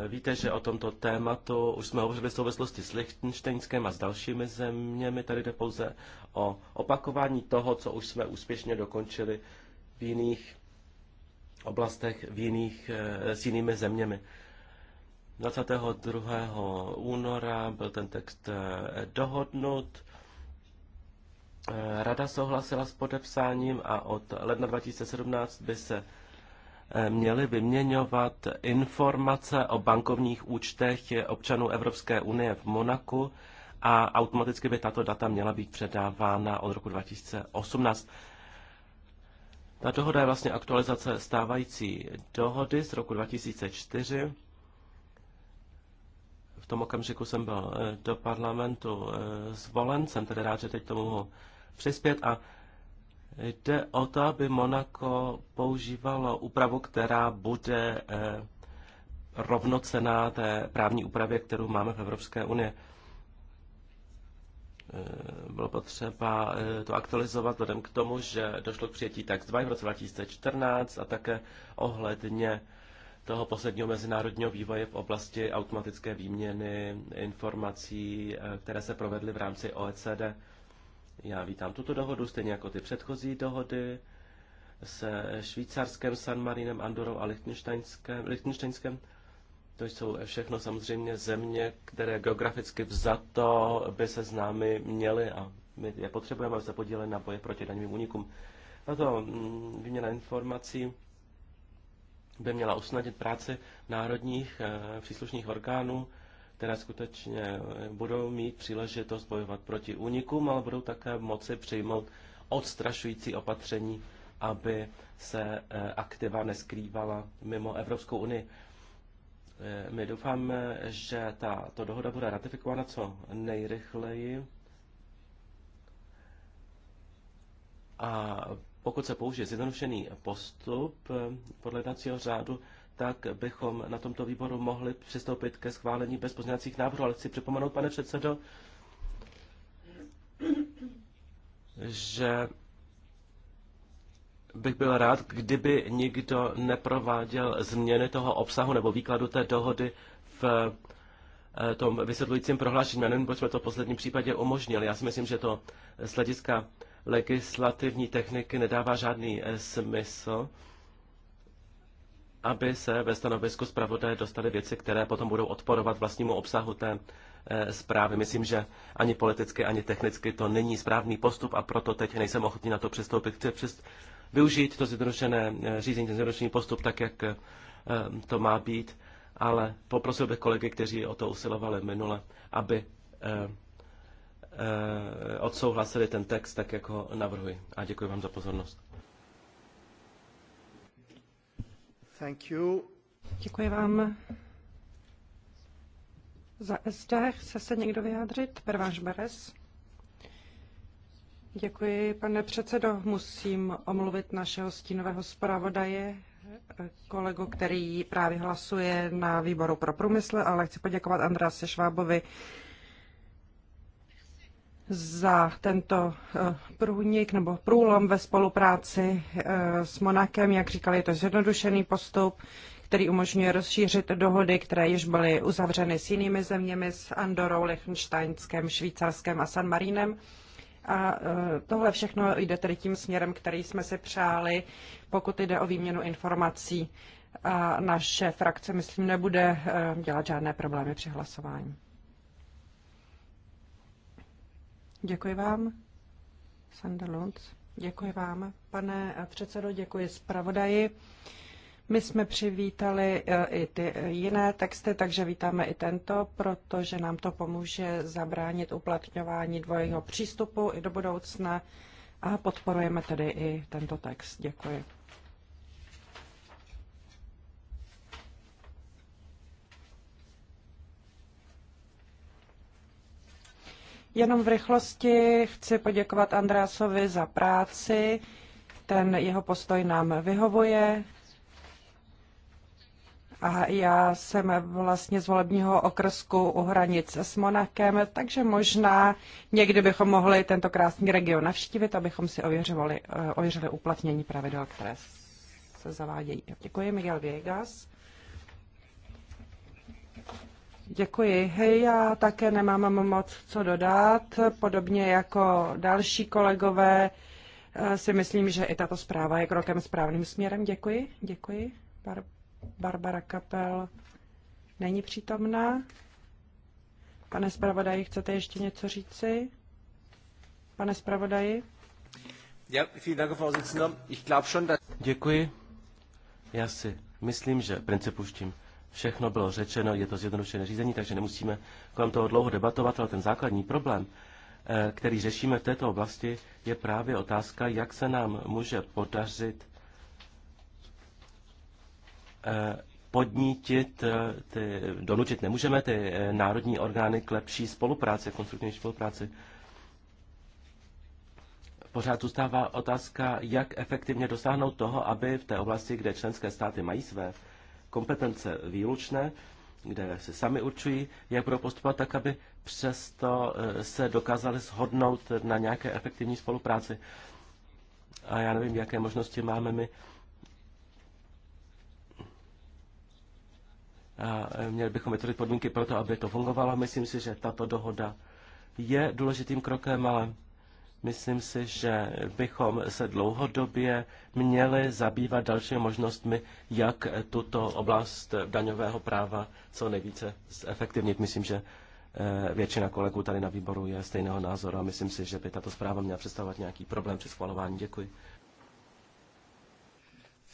S3: víte, že o tomto tématu už jsme hovořili v souvislosti s Lichtensteinskem a s dalšími zeměmi. Tady jde pouze o opakování toho, co už jsme úspěšně dokončili v jiných oblastech v jiných, eh, s jinými zeměmi. 22. února byl ten text eh, dohodnut. Eh, rada souhlasila s podepsáním a od ledna 2017 by se měly vyměňovat informace o bankovních účtech občanů Evropské unie v Monaku a automaticky by tato data měla být předávána od roku 2018. Ta dohoda je vlastně aktualizace stávající dohody z roku 2004. V tom okamžiku jsem byl eh, do parlamentu eh, zvolen, jsem tedy rád, že teď to mohu přispět a jde o to, aby Monako používalo úpravu, která bude eh, rovnocená té právní úpravě, kterou máme v Evropské unii. Eh, bylo potřeba eh, to aktualizovat vzhledem k tomu, že došlo k přijetí tak 2 v roce 2014 a také ohledně toho posledního mezinárodního vývoje v oblasti automatické výměny informací, eh, které se provedly v rámci OECD. Já vítám tuto dohodu, stejně jako ty předchozí dohody se švýcarském San Marinem, Andorou a Lichtensteinském. To jsou všechno samozřejmě země, které geograficky vzato by se s námi měly a my je potřebujeme, aby se podíleli na boji proti daňovým únikům. Tato mm, výměna informací by měla usnadnit práci národních eh, příslušných orgánů, které skutečně eh, budou mít příležitost bojovat proti únikům, ale budou také moci přijmout odstrašující opatření, aby se eh, aktiva neskrývala mimo Evropskou unii. Eh, my doufáme, že ta to dohoda bude ratifikována co nejrychleji. A pokud se použije zjednodušený postup eh, podle jednacího řádu, tak bychom na tomto výboru mohli přistoupit ke schválení bez pozměňovacích návrhů. Ale chci připomenout, pane předsedo, že bych byl rád, kdyby nikdo neprováděl změny toho obsahu nebo výkladu té dohody v eh, tom vysvětlujícím prohlášení. Já nevím, proč jsme to v posledním případě umožnili. Já si myslím, že to z hlediska legislativní techniky nedává žádný eh, smysl, aby se ve stanovisku zpravodaje dostaly věci, které potom budou odporovat vlastnímu obsahu té eh, zprávy. Myslím, že ani politicky, ani technicky to není správný postup a proto teď nejsem ochotný na to přistoupit. Chci přist využít to zjednodušené eh, řízení, ten zjednodušený postup tak, jak eh, to má být, ale poprosil bych kolegy, kteří o to usilovali minule, aby eh, odsouhlasili ten text tak, jak ho navrhuji. A děkuji vám za pozornost.
S1: Thank you. Děkuji vám. Za SD chce se někdo vyjádřit? Prváš Beres. Děkuji, pane předsedo. Musím omluvit našeho stínového zpravodaje, kolegu, který právě hlasuje na výboru pro průmysl, ale chci poděkovat Andrase Švábovi za tento eh, průnik nebo průlom ve spolupráci eh, s Monakem. Jak říkali, je to zjednodušený postup, který umožňuje rozšířit dohody, které již byly uzavřeny s jinými zeměmi, s Andorou, Liechtensteinskem, Švýcarskem a San Marínem a e, tohle všechno jde tedy tím směrem, který jsme si přáli, pokud jde o výměnu informací. A naše frakce, myslím, nebude e, dělat žádné problémy při hlasování. Děkuji vám. Sandalund. Děkuji vám, pane předsedo, děkuji zpravodaji. My jsme přivítali e, i ty jiné texty, takže vítáme i tento, protože nám to pomůže zabránit uplatňování dvojího přístupu i do budoucna a podporujeme tedy i tento text. Děkuji. Jenom v rychlosti chci poděkovat Andrásovi za práci. Ten jeho postoj nám vyhovuje a já jsem vlastně z volebního okrsku u hranic s Monakem, takže možná někdy bychom mohli tento krásný region navštívit, abychom si ověřovali, eh, ověřili uplatnění pravidel, které se zavádějí. Děkuji, Miguel Viegas. Děkuji. Hej, Já také nemám moc co dodat. Podobně jako další kolegové eh, si myslím, že i tato zpráva je krokem správným směrem. Děkuji. Děkuji. Barb. Barbara Kapel není přítomná. Pane zpravodaji, chcete ještě něco říci? Pane zpravodaji?
S3: Děkuji. Já si myslím, že princip už tím všechno bylo řečeno, je to zjednodušené řízení, takže nemusíme kolem toho dlouho debatovat, ale ten základní problém, eh, který řešíme v této oblasti, je právě otázka, jak se nám může podařit Eh, podnítit, eh, ty, donutit nemůžeme ty eh, národní orgány k lepší spolupráci, konstruktivní spolupráci. Pořád zůstává otázka, jak efektivně dosáhnout toho, aby v té oblasti, kde členské státy mají své kompetence výlučné, kde se sami určují, jak budou postupovat, tak aby přesto se dokázali shodnout na nějaké efektivní spolupráci. A já nevím, jaké možnosti máme my a e, měli bychom vytvořit podmínky pro to, aby to fungovalo. Myslím si, že tato dohoda je důležitým krokem, ale myslím si, že bychom se dlouhodobě měli zabývat dalšími možnostmi, jak tuto oblast daňového práva co nejvíce zefektivnit. Myslím, že e, většina kolegů tady na výboru je stejného názoru a myslím si, že by tato zpráva měla představovat nějaký problém při schvalování. Děkuji.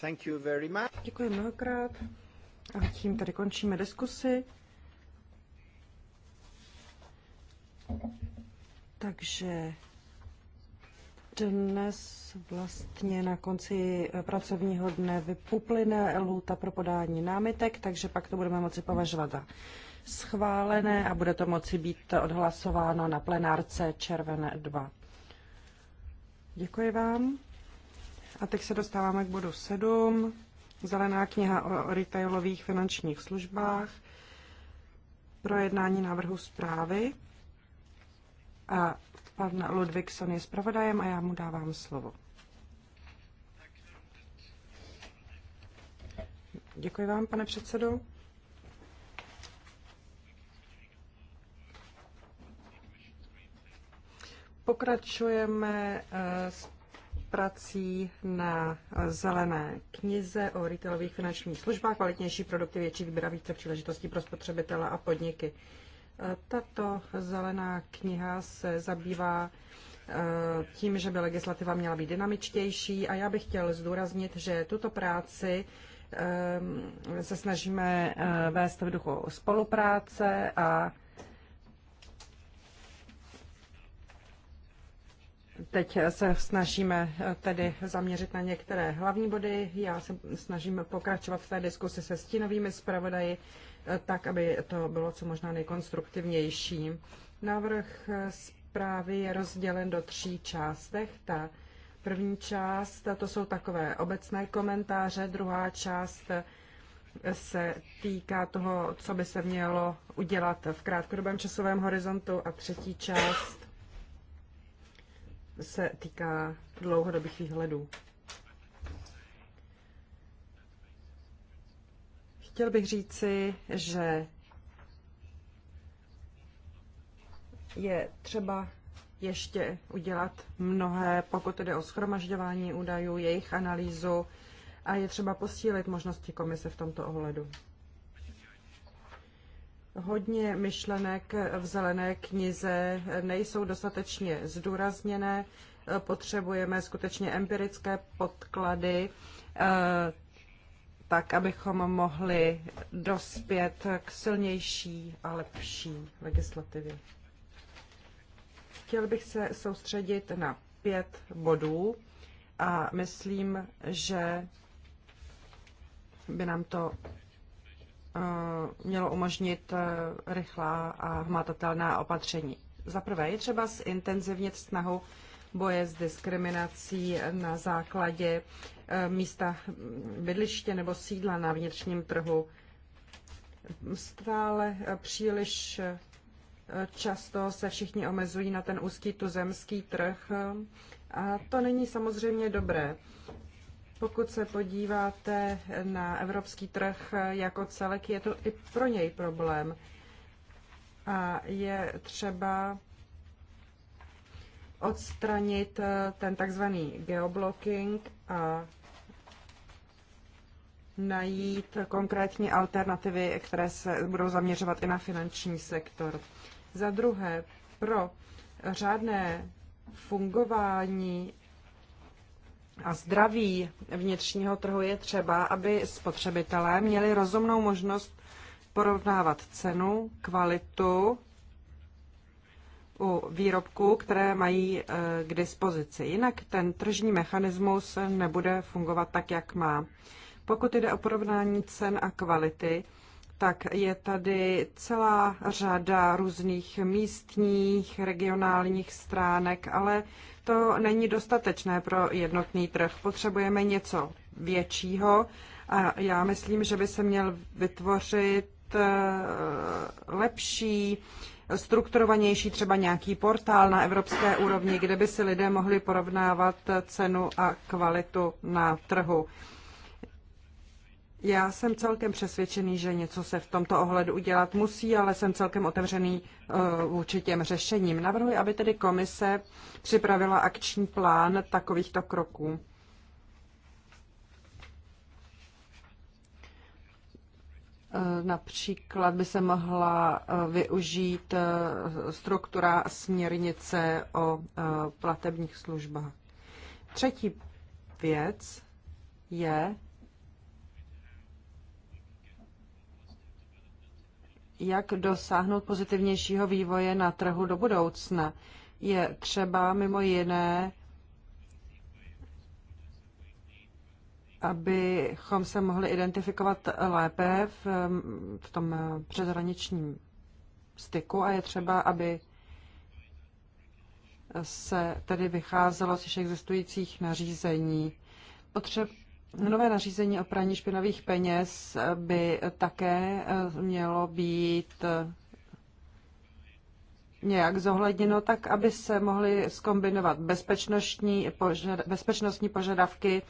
S1: Thank you very much. Děkuji mnohokrát. A tím tady končíme diskusy. Takže dnes vlastně na konci pracovního dne vypuplyne lhůta pro podání námitek, takže pak to budeme moci považovat za schválené a bude to moci být odhlasováno na plenárce červené 2. Děkuji vám. A teď se dostáváme k bodu 7. Zelená kniha o retailových finančních službách, projednání návrhu zprávy. A pan Ludvíkson je zpravodajem a já mu dávám slovo. Děkuji vám, pane předsedo. Pokračujeme eh, s prací na zelené knize o retailových finančních službách, kvalitnější produkty, větší výběra, více příležitostí pro spotřebitele a podniky. E, tato zelená kniha se zabývá e, tím, že by legislativa měla být dynamičtější a já bych chtěl zdůraznit, že tuto práci e, se snažíme vést v duchu spolupráce a Teď se snažíme eh, tedy zaměřit na některé hlavní body. Já se snažím pokračovat v té diskusi se stínovými zpravodaji, eh, tak, aby to bylo co možná nejkonstruktivnější. Návrh eh, zprávy je rozdělen do tří částech. Ta první část, to jsou takové obecné komentáře, druhá část se týká toho, co by se mělo udělat v krátkodobém časovém horizontu a třetí část se týká dlouhodobých výhledů. Chtěl bych říci, že je třeba ještě udělat mnohé, pokud jde o schromažďování údajů, jejich analýzu a je třeba posílit možnosti komise v tomto ohledu. Hodně myšlenek v zelené knize nejsou dostatečně zdůrazněné. Potřebujeme skutečně empirické podklady, eh, tak abychom mohli dospět k silnější a lepší legislativě. Chtěl bych se soustředit na pět bodů a myslím, že by nám to Eh, mělo umožnit eh, rychlá a hmatatelná opatření. Za prvé je třeba zintenzivnit snahu boje s diskriminací na základě eh, místa bydliště nebo sídla na vnitřním trhu. Stále příliš často se všichni omezují na ten úzký tuzemský trh a to není samozřejmě dobré. Pokud se podíváte na evropský trh jako celek, je to i pro něj problém. A je třeba odstranit eh, ten takzvaný geoblocking a najít konkrétní alternativy, které se budou zaměřovat i na finanční sektor. Za druhé, pro řádné fungování a zdraví vnitřního trhu je třeba, aby spotřebitelé měli rozumnou možnost porovnávat cenu, kvalitu u výrobků, které mají e, k dispozici. Jinak ten tržní mechanismus nebude fungovat tak, jak má. Pokud jde o porovnání cen a kvality, tak je tady celá řada různých místních, regionálních stránek, ale to není dostatečné pro jednotný trh. Potřebujeme něco většího a já myslím, že by se měl vytvořit eh, lepší, strukturovanější třeba nějaký portál na evropské úrovni, kde by si lidé mohli porovnávat cenu a kvalitu na trhu. Já jsem celkem přesvědčený, že něco se v tomto ohledu udělat musí, ale jsem celkem otevřený eh, vůči těm řešením. Navrhuji, aby tedy komise připravila akční plán takovýchto kroků. Eh, například by se mohla eh, využít struktura směrnice o platebních službách. Třetí věc je, jak dosáhnout pozitivnějšího vývoje na trhu do budoucna. Je třeba mimo jiné, abychom se mohli identifikovat lépe v, v tom přeshraničním styku a je třeba, aby se tedy vycházelo z již existujících nařízení. Potřeb, Nové nařízení o praní špinavých peněz by také eh, mělo být eh, nějak zohledněno tak, aby se mohly skombinovat bezpečnostní, požad, bezpečnostní požadavky,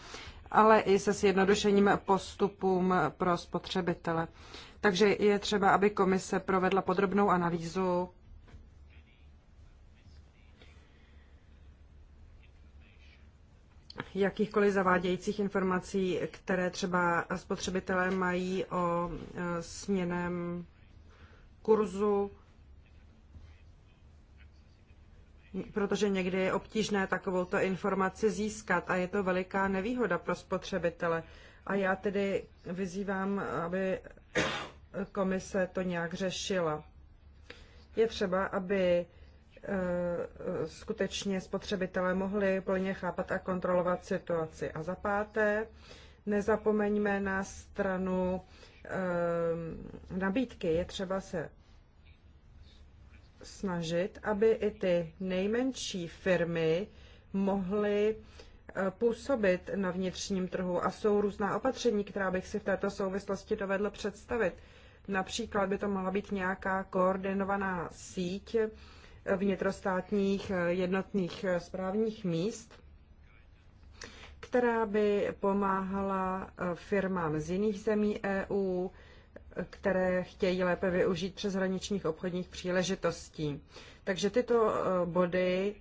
S1: ale i se sjednodušením postupům pro spotřebitele. Takže je třeba, aby komise provedla podrobnou analýzu jakýchkoliv zavádějících informací, které třeba spotřebitelé mají o e, směném kurzu, protože někdy je obtížné takovouto informaci získat a je to veliká nevýhoda pro spotřebitele. A já tedy vyzývám, aby komise to nějak řešila. Je třeba, aby Eh, skutečně spotřebitelé mohli plně chápat a kontrolovat situaci. A za páté, nezapomeňme na stranu eh, nabídky. Je třeba se snažit, aby i ty nejmenší firmy mohly eh, působit na vnitřním trhu a jsou různá opatření, která bych si v této souvislosti dovedl představit. Například by to mohla být nějaká koordinovaná síť vnitrostátních eh, jednotných eh, správních míst, která by pomáhala eh, firmám z jiných zemí EU, které chtějí lépe využít přeshraničních obchodních příležitostí. Takže tyto body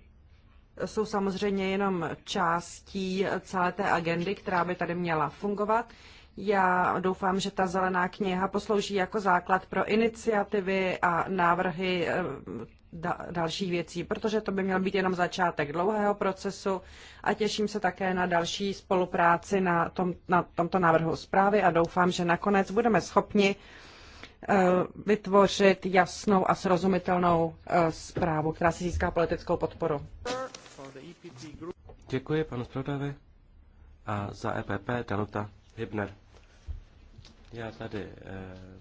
S1: jsou samozřejmě jenom částí celé té agendy, která by tady měla fungovat. Já doufám, že ta zelená kniha poslouží jako základ pro iniciativy a návrhy da- dalších věcí, protože to by měl být jenom začátek dlouhého procesu a těším se také na další spolupráci na, tom, na tomto návrhu zprávy a doufám, že nakonec budeme schopni eh, vytvořit jasnou a srozumitelnou eh, zprávu, která si získá politickou podporu.
S3: Děkuji panu zpravodajovi a za EPP Danuta Hybner. Já tady eh,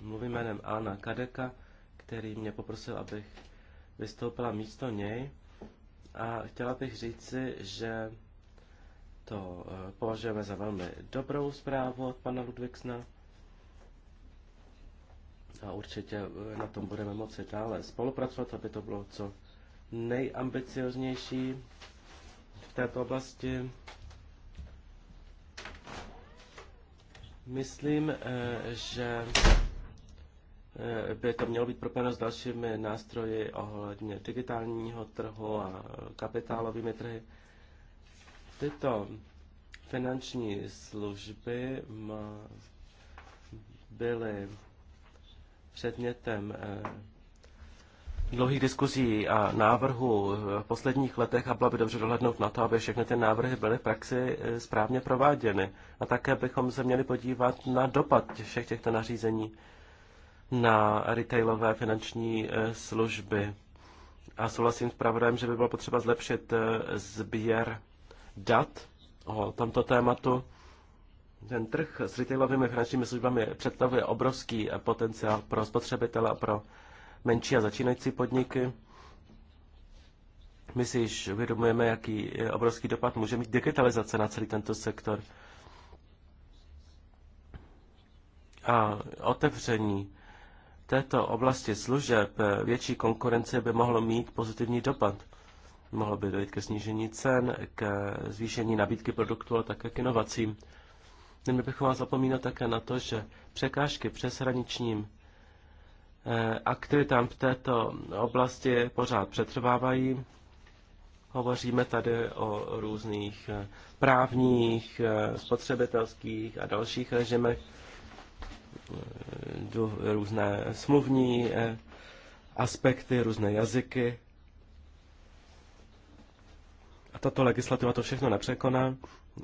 S3: mluvím jménem Anna Kadeka, který mě poprosil, abych vystoupila místo něj a chtěla bych říci, že to eh, považujeme za velmi dobrou zprávu od pana Ludvigsna a určitě eh, na tom budeme moci dále spolupracovat, aby to bylo co nejambicioznější v této oblasti. Myslím, eh, že Eh, by to mělo být propojeno s dalšími nástroji ohledně digitálního trhu a kapitálovými trhy. Tyto finanční služby byly předmětem eh, dlouhých diskuzí a návrhů v posledních letech a bylo by dobře dohlednout na to, aby všechny ty návrhy byly v praxi eh, správně prováděny. A také bychom se měli podívat na dopad všech těchto nařízení na retailové finanční eh, služby. A souhlasím s pravodem, že by bylo potřeba zlepšit eh, sběr dat o tomto tématu. Ten trh s retailovými finančními službami představuje obrovský eh, potenciál pro spotřebitele a pro menší a začínající podniky. My si již uvědomujeme, jaký obrovský dopad může mít digitalizace na celý tento sektor. A otevření této oblasti služeb větší konkurence by mohlo mít pozitivní dopad. Mohlo by dojít ke snížení cen, k zvýšení nabídky produktů, ale také k inovacím. Neměli bychom vás zapomínat také na to, že překážky přeshraničním eh, aktivitám v této oblasti pořád přetrvávají. Hovoříme tady o různých eh, právních, eh, spotřebitelských a dalších režimech různé smluvní eh, aspekty, různé jazyky. A tato legislativa to všechno nepřekoná.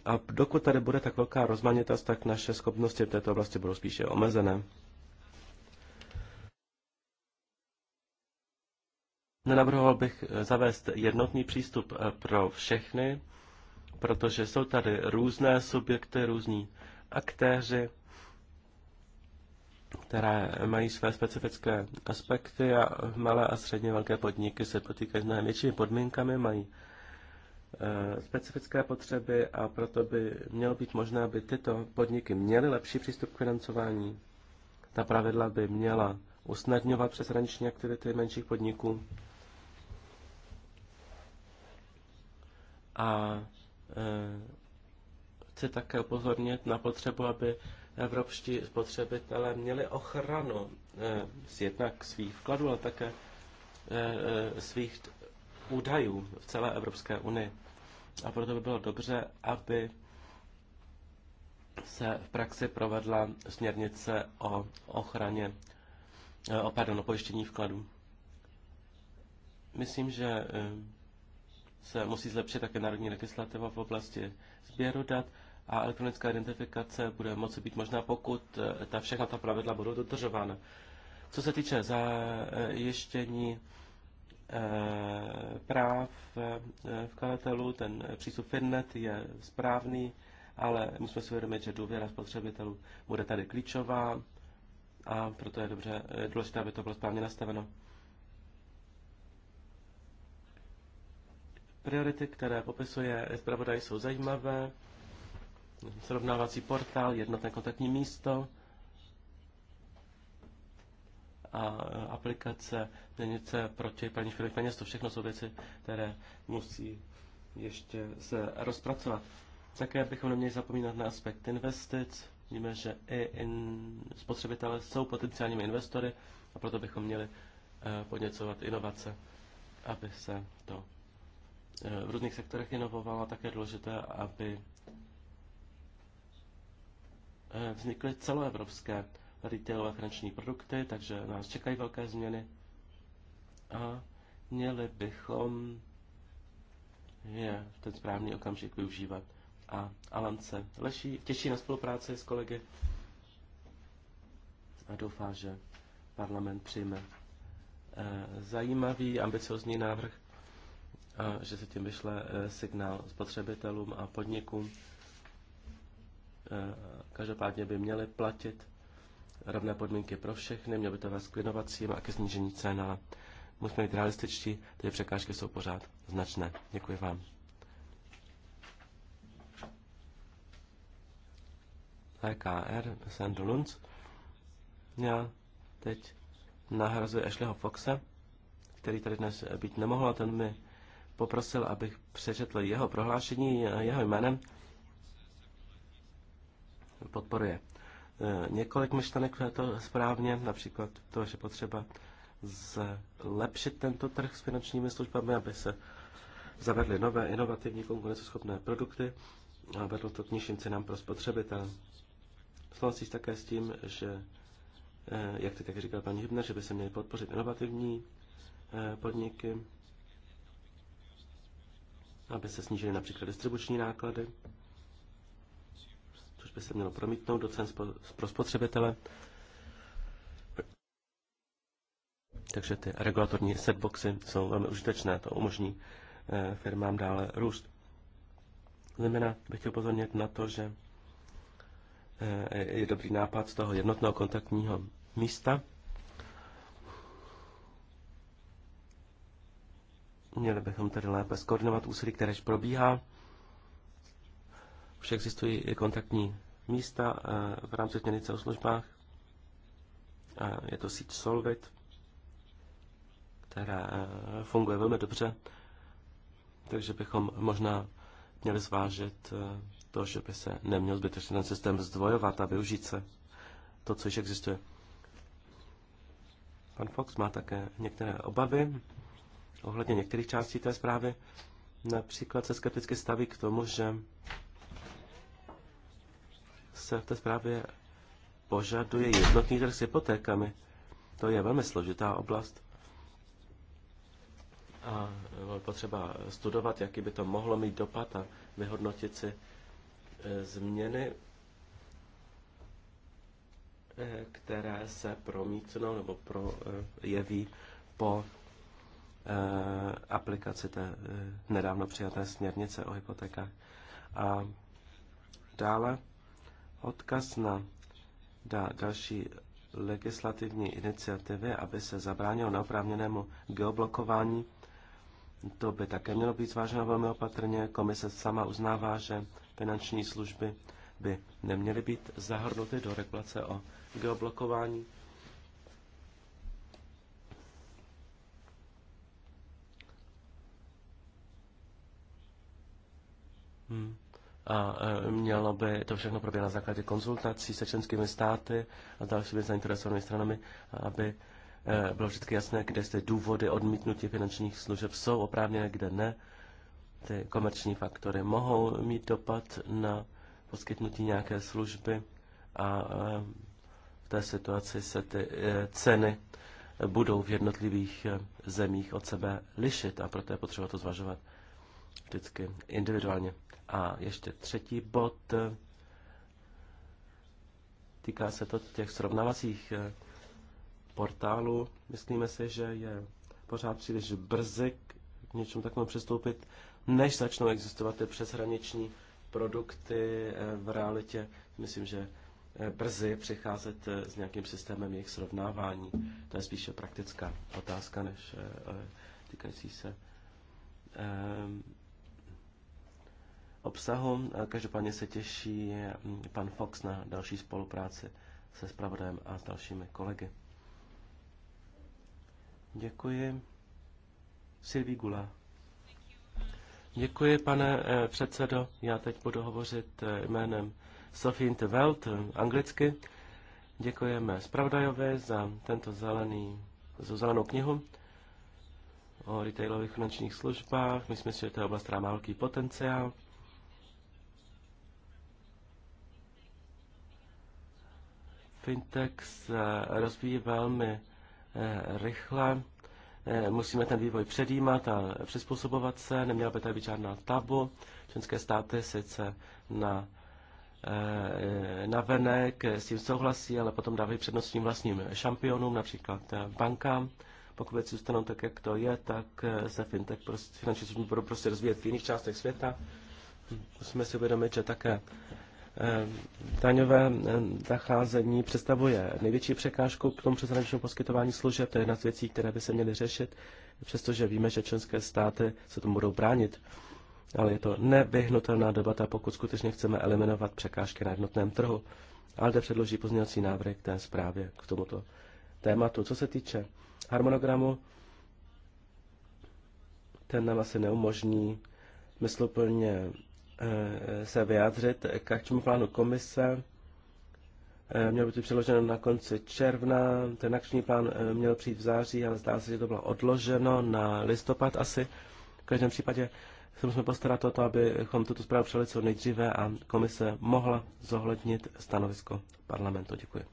S3: A dokud tady bude tak velká rozmanitost, tak naše schopnosti v této oblasti budou spíše omezené. Nenavrhoval bych eh, zavést jednotný přístup eh, pro všechny, protože jsou tady různé subjekty, různí aktéři které mají své specifické aspekty a malé a středně velké podniky se potýkají s mnohem většími podmínkami, mají eh, specifické potřeby a proto by mělo být možné, aby tyto podniky měly lepší přístup k financování. Ta pravidla by měla usnadňovat přeshraniční aktivity menších podniků a eh, chci také upozornit na potřebu, aby evropští spotřebitelé měli ochranu eh, jednak svých vkladů, ale také eh, eh, svých údajů v celé Evropské unii. A proto by bylo dobře, aby se v praxi provedla směrnice o ochraně, o, pardon, o pojištění vkladů. Myslím, že se musí zlepšit také národní legislativa v oblasti sběru dat a elektronická identifikace bude moci být možná, pokud eh, ta všechna ta pravidla budou dodržována. Co se týče zajištění eh, práv eh, vkladatelů, ten přístup Finnet je správný, ale musíme si uvědomit, že důvěra spotřebitelů bude tady klíčová a proto je dobře, je důležité, aby to bylo správně nastaveno. Priority, které popisuje zpravodaj, jsou zajímavé srovnávací portál, jednotné kontaktní místo a aplikace měnice proti paní špinavých peněz. To všechno jsou věci, které musí ještě se rozpracovat. Také bychom neměli zapomínat na aspekt investic. Víme, že i in, spotřebitelé jsou potenciálními investory a proto bychom měli eh, podněcovat inovace, aby se to eh, v různých sektorech inovovalo. Také je důležité, aby Eh, vznikly celoevropské retailové finanční produkty, takže nás čekají velké změny a měli bychom je v ten správný okamžik využívat. A Alan se leší, těší na spolupráci s kolegy a doufá, že parlament přijme eh, zajímavý, ambiciozní návrh a že se tím vyšle eh, signál spotřebitelům a podnikům Každopádně by měly platit rovné podmínky pro všechny, mělo by to vést k inovacím a ke snížení cen, ale musíme být realističtí, ty překážky jsou pořád značné. Děkuji vám. EKR, Sandro Lunds. Já teď nahrazuji Ashleyho Foxe, který tady dnes být nemohl a ten mi poprosil, abych přečetl jeho prohlášení jeho jménem podporuje. E, několik myšlenek je to správně, například to, že potřeba zlepšit tento trh s finančními službami, aby se zavedly nové inovativní konkurenceschopné produkty a vedlo to k nižším cenám pro spotřebitele. Souhlasí také s tím, že, e, jak ty tak říkal paní Hybner, že by se měly podpořit inovativní e, podniky, aby se snížily například distribuční náklady což by se mělo promítnout do cen pro spotřebitele. Takže ty regulatorní setboxy jsou velmi užitečné, to umožní eh, firmám dále růst. Zejména bych chtěl pozornit na to, že eh, je dobrý nápad z toho jednotného kontaktního místa. Měli bychom tedy lépe skoordinovat úsilí, kteréž probíhá už existují kontaktní místa eh, v rámci směrnice o službách. A je to síť Solvit, která eh, funguje velmi dobře, takže bychom možná měli zvážit eh, to, že by se neměl zbytečně ten systém zdvojovat a využít se to, co již existuje. Pan Fox má také některé obavy ohledně některých částí té zprávy. Například se skepticky staví k tomu, že se v té zprávě požaduje jednotný trh s hypotékami. To je velmi složitá oblast. A potřeba studovat, jaký by to mohlo mít dopad a vyhodnotit si eh, změny, eh, které se promítnou nebo projeví eh, po aplikaci té nedávno přijaté směrnice o hypotékách. A dále odkaz na da, další legislativní iniciativy, aby se zabránilo neoprávněnému geoblokování. To by také mělo být zváženo velmi opatrně. Komise sama uznává, že finanční služby by neměly být zahrnuty do regulace o geoblokování. Hmm a e, mělo by to všechno proběhnout na základě konzultací se členskými státy a dalšími zainteresovanými stranami, aby e, bylo vždycky jasné, kde ty důvody odmítnutí finančních služeb jsou oprávněné, kde ne. Ty komerční faktory mohou mít dopad na poskytnutí nějaké služby a e, v té situaci se ty ceny budou v jednotlivých zemích od sebe lišit a proto je potřeba to zvažovat vždycky individuálně. A ještě třetí bod. Týká se to těch srovnavacích eh, portálů. Myslíme si, že je pořád příliš brzy k něčemu takovému přistoupit, než začnou existovat ty přeshraniční produkty eh, v realitě. Myslím, že eh, brzy přicházet s nějakým systémem jejich srovnávání. To je spíše praktická otázka, než týkající se obsahu. Každopádně se těší mm, pan Fox na další spolupráci se spravodajem a s dalšími kolegy. Děkuji. Silví Gula. Děkuji, pane eh, předsedo. Já teď budu hovořit eh, jménem Sophie Intervelt eh, anglicky. Děkujeme Spravdajovi za tento zelený, za zelenou knihu o retailových finančních službách. Myslím si, že to je oblast, která má velký potenciál. fintech se rozvíjí velmi eh, rychle. Eh, musíme ten vývoj předjímat a přizpůsobovat se, neměla by tady být žádná tabu. Členské státy sice na eh, navenek s tím souhlasí, ale potom dávají přednost svým vlastním šampionům, například bankám. Pokud věci zůstanou tak, jak to je, tak se fintech prostě, finanční služby budou prostě rozvíjet v jiných částech světa. Musíme si uvědomit, že také Eh, daňové eh, zacházení představuje největší překážku k tomu přeshraničnímu poskytování služeb. To je jedna z věcí, které by se měly řešit, přestože víme, že členské státy se tomu budou bránit. Ale je to nevyhnutelná debata, pokud skutečně chceme eliminovat překážky na jednotném trhu. ALDE předloží pozměňovací návrh k té zprávě, k tomuto tématu. Co se týče harmonogramu, ten nám asi neumožní mysluplně Eh, se vyjádřit k akčnímu plánu komise. Eh, měl by to přeloženo na konci června, ten akční plán eh, měl přijít v září, ale zdá se, že to bylo odloženo na listopad asi. V každém případě se musíme postarat o to, abychom tuto zprávu přijali co nejdříve a komise mohla zohlednit stanovisko parlamentu. Děkuji.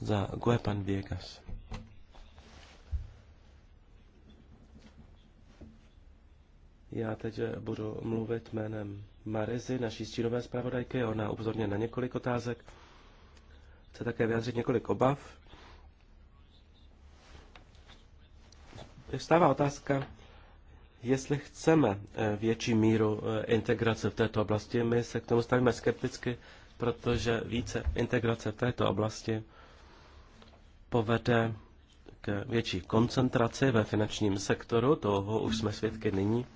S3: Za Guepan Viegas. Já teď budu mluvit jménem Marezy, naší stínové zpravodajky. Ona upozorně na několik otázek. Chce také vyjádřit několik obav. Vstává otázka, jestli chceme eh, větší míru eh, integrace v této oblasti. My se k tomu stavíme skepticky, protože více integrace v této oblasti povede k větší koncentraci ve finančním sektoru, toho už jsme svědky nyní.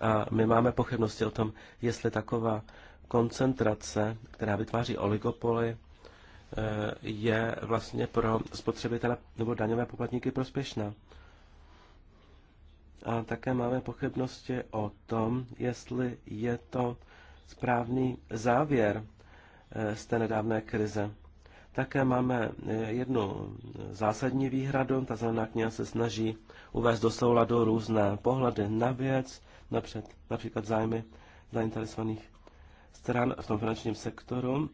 S3: A my máme pochybnosti o tom, jestli taková koncentrace, která vytváří oligopoly, eh, je vlastně pro spotřebitele nebo daňové poplatníky prospěšná. A také máme pochybnosti o tom, jestli je to správný závěr eh, z té nedávné krize. Také máme eh, jednu zásadní výhradu. Ta zelená kniha se snaží uvést do souladu různé pohledy na věc, napřed, například zájmy zainteresovaných stran v tom finančním sektoru.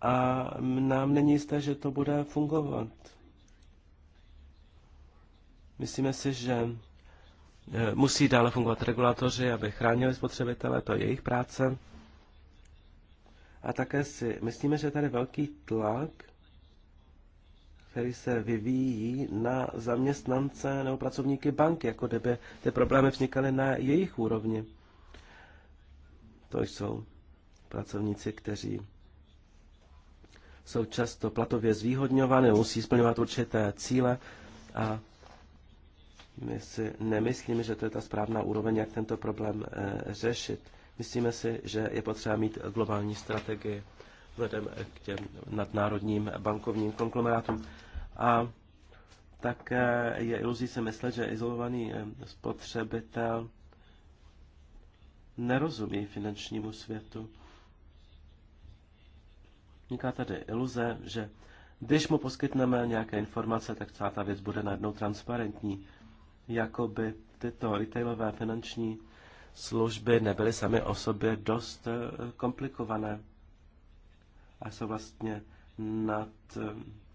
S3: A nám není jisté, že to bude fungovat. Myslíme si, že e, musí dále fungovat regulatoři, aby chránili spotřebitele, to je jejich práce. A také si myslíme, že je tady velký tlak který se vyvíjí na zaměstnance nebo pracovníky banky, jako kdyby ty problémy vznikaly na jejich úrovni. To jsou pracovníci, kteří jsou často platově zvýhodňovány, musí splňovat určité cíle a my si nemyslíme, že to je ta správná úroveň, jak tento problém eh, řešit. Myslíme si, že je potřeba mít globální strategii vzhledem k těm nadnárodním bankovním konglomerátům. A tak eh, je iluzí se myslet, že izolovaný eh, spotřebitel nerozumí finančnímu světu. Vzniká tady iluze, že když mu poskytneme nějaké informace, tak celá ta věc bude najednou transparentní. Jakoby tyto retailové finanční služby nebyly sami o sobě dost eh, komplikované a jsou vlastně nad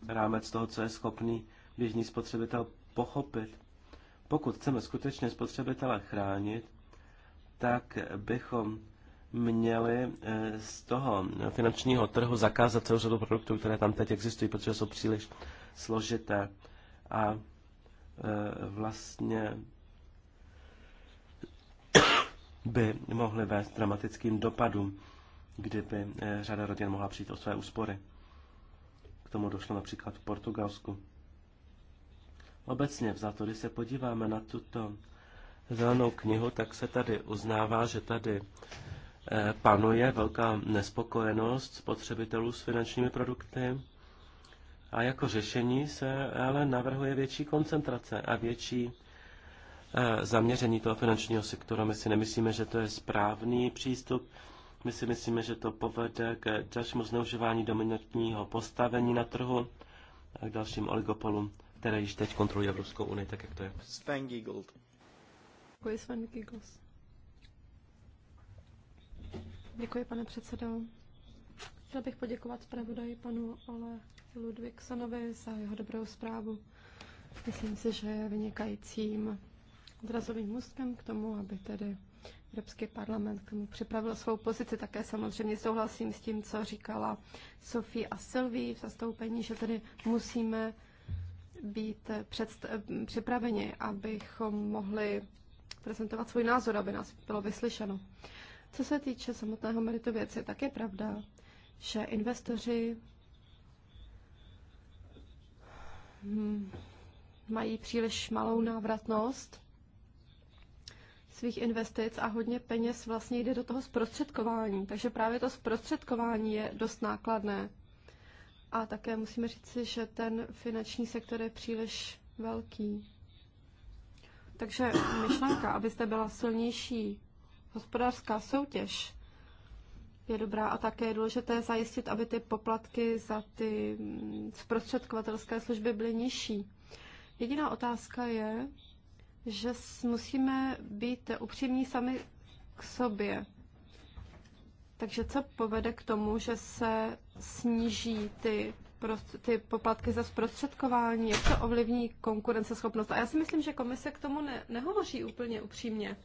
S3: rámec toho, co je schopný běžný spotřebitel pochopit. Pokud chceme skutečně spotřebitele chránit, tak bychom měli eh, z toho finančního trhu zakázat celou řadu produktů, které tam teď existují, protože jsou příliš složité. A eh, vlastně by mohly vést dramatickým dopadům, kdyby eh, řada rodin mohla přijít o své úspory tomu došlo například v Portugalsku. Obecně vzato, když se podíváme na tuto zelenou knihu, tak se tady uznává, že tady eh, panuje velká nespokojenost spotřebitelů s finančními produkty a jako řešení se ale navrhuje větší koncentrace a větší eh, zaměření toho finančního sektoru. My si nemyslíme, že to je správný přístup. My si myslíme, že to povede k dalšímu zneužívání dominantního postavení na trhu a k dalším oligopolům, které již teď kontrolují Evropskou unii, tak jak to je. Sven Giegold.
S2: Děkuji, Sven Giegold. Děkuji, pane předsedo. Chtěl bych poděkovat zpravodaji panu Ole Ludvíksonovi za jeho dobrou zprávu. Myslím si, že je vynikajícím odrazovým můstkem k tomu, aby tedy Evropský parlament k tomu připravil svou pozici. Také samozřejmě souhlasím s tím, co říkala Sofie a Sylvie v zastoupení, že tedy musíme být připraveni, abychom mohli prezentovat svůj názor, aby nás bylo vyslyšeno. Co se týče samotného meritu věci, tak je pravda, že investoři hm, mají příliš malou návratnost svých investic a hodně peněz vlastně jde do toho zprostředkování. Takže právě to zprostředkování je dost nákladné. A také musíme říci, že ten finanční sektor je příliš velký. Takže myšlenka, abyste byla silnější hospodářská soutěž, je dobrá a také je důležité zajistit, aby ty poplatky za ty mm, zprostředkovatelské služby byly nižší. Jediná otázka je, že musíme být upřímní sami k sobě. Takže co povede k tomu, že se sníží ty, ty poplatky za zprostředkování, jak to ovlivní konkurenceschopnost? A já si myslím, že komise k tomu ne, nehovoří úplně upřímně.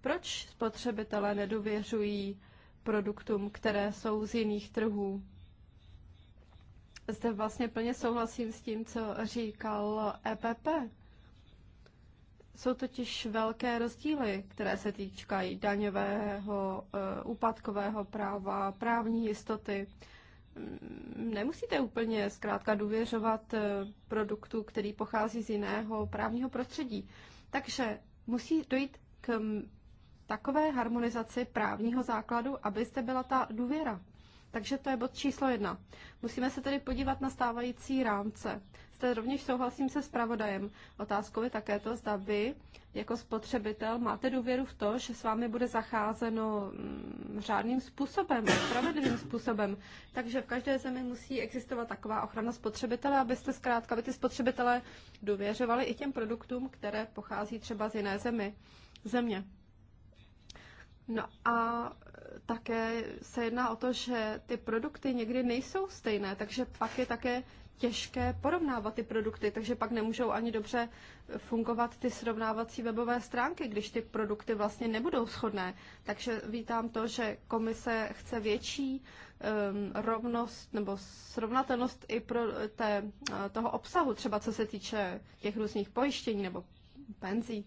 S2: Proč spotřebitelé nedověřují produktům, které jsou z jiných trhů? Zde vlastně plně souhlasím s tím, co říkal EPP. Jsou totiž velké rozdíly, které se týkají daňového, eh, úpadkového práva, právní jistoty. Mm, nemusíte úplně zkrátka důvěřovat eh, produktu, který pochází z jiného právního prostředí. Takže musí dojít k takové harmonizaci právního základu, aby byla ta důvěra. Takže to je bod číslo jedna. Musíme se tedy podívat na stávající rámce. Zde rovněž souhlasím se zpravodajem. Otázkou je také to, zda vy jako spotřebitel máte důvěru v to, že s vámi bude zacházeno mm, řádným způsobem, spravedlivým způsobem. Takže v každé zemi musí existovat taková ochrana spotřebitele, abyste zkrátka aby ty spotřebitele důvěřovali i těm produktům, které pochází třeba z jiné zemi. Země. No a také se jedná o to, že ty produkty někdy nejsou stejné, takže pak je také těžké porovnávat ty produkty, takže pak nemůžou ani dobře fungovat ty srovnávací webové stránky, když ty produkty vlastně nebudou shodné. Takže vítám to, že komise chce větší um, rovnost nebo srovnatelnost i pro té, eh, toho obsahu, třeba co se týče těch různých pojištění nebo penzí.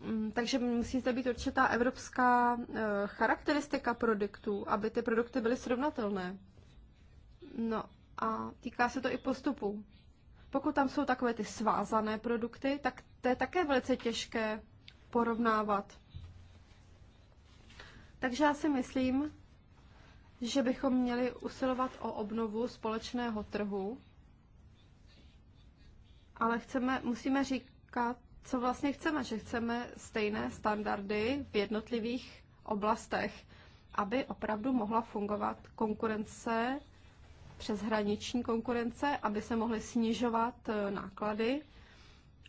S2: Mm, takže musí zde být určitá evropská eh, charakteristika produktů, aby ty produkty byly srovnatelné. No a týká se to i postupů. Pokud tam jsou takové ty svázané produkty, tak to je také velice těžké porovnávat. Takže já si myslím, že bychom měli usilovat o obnovu společného trhu, ale chceme, musíme říkat, co vlastně chceme, že chceme stejné standardy v jednotlivých oblastech, aby opravdu mohla fungovat konkurence, přeshraniční konkurence, aby se mohly snižovat eh, náklady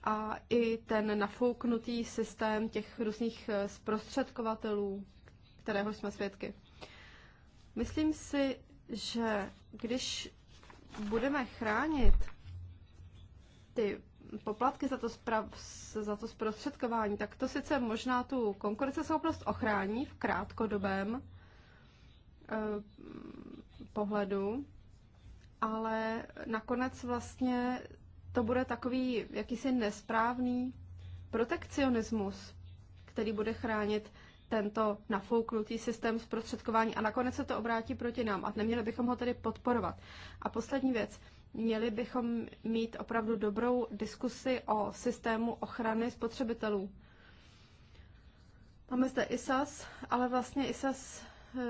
S2: a i ten nafouknutý systém těch různých eh, zprostředkovatelů, kterého jsme svědky. Myslím si, že když budeme chránit ty poplatky za to, sprav, za to zprostředkování, tak to sice možná tu konkurenceschopnost ochrání v krátkodobém eh, pohledu, ale nakonec vlastně to bude takový jakýsi nesprávný protekcionismus, který bude chránit tento nafouknutý systém zprostředkování a nakonec se to obrátí proti nám a neměli bychom ho tedy podporovat. A poslední věc. Měli bychom mít opravdu dobrou diskusi o systému ochrany spotřebitelů. Máme zde ISAS, ale vlastně ISAS eh,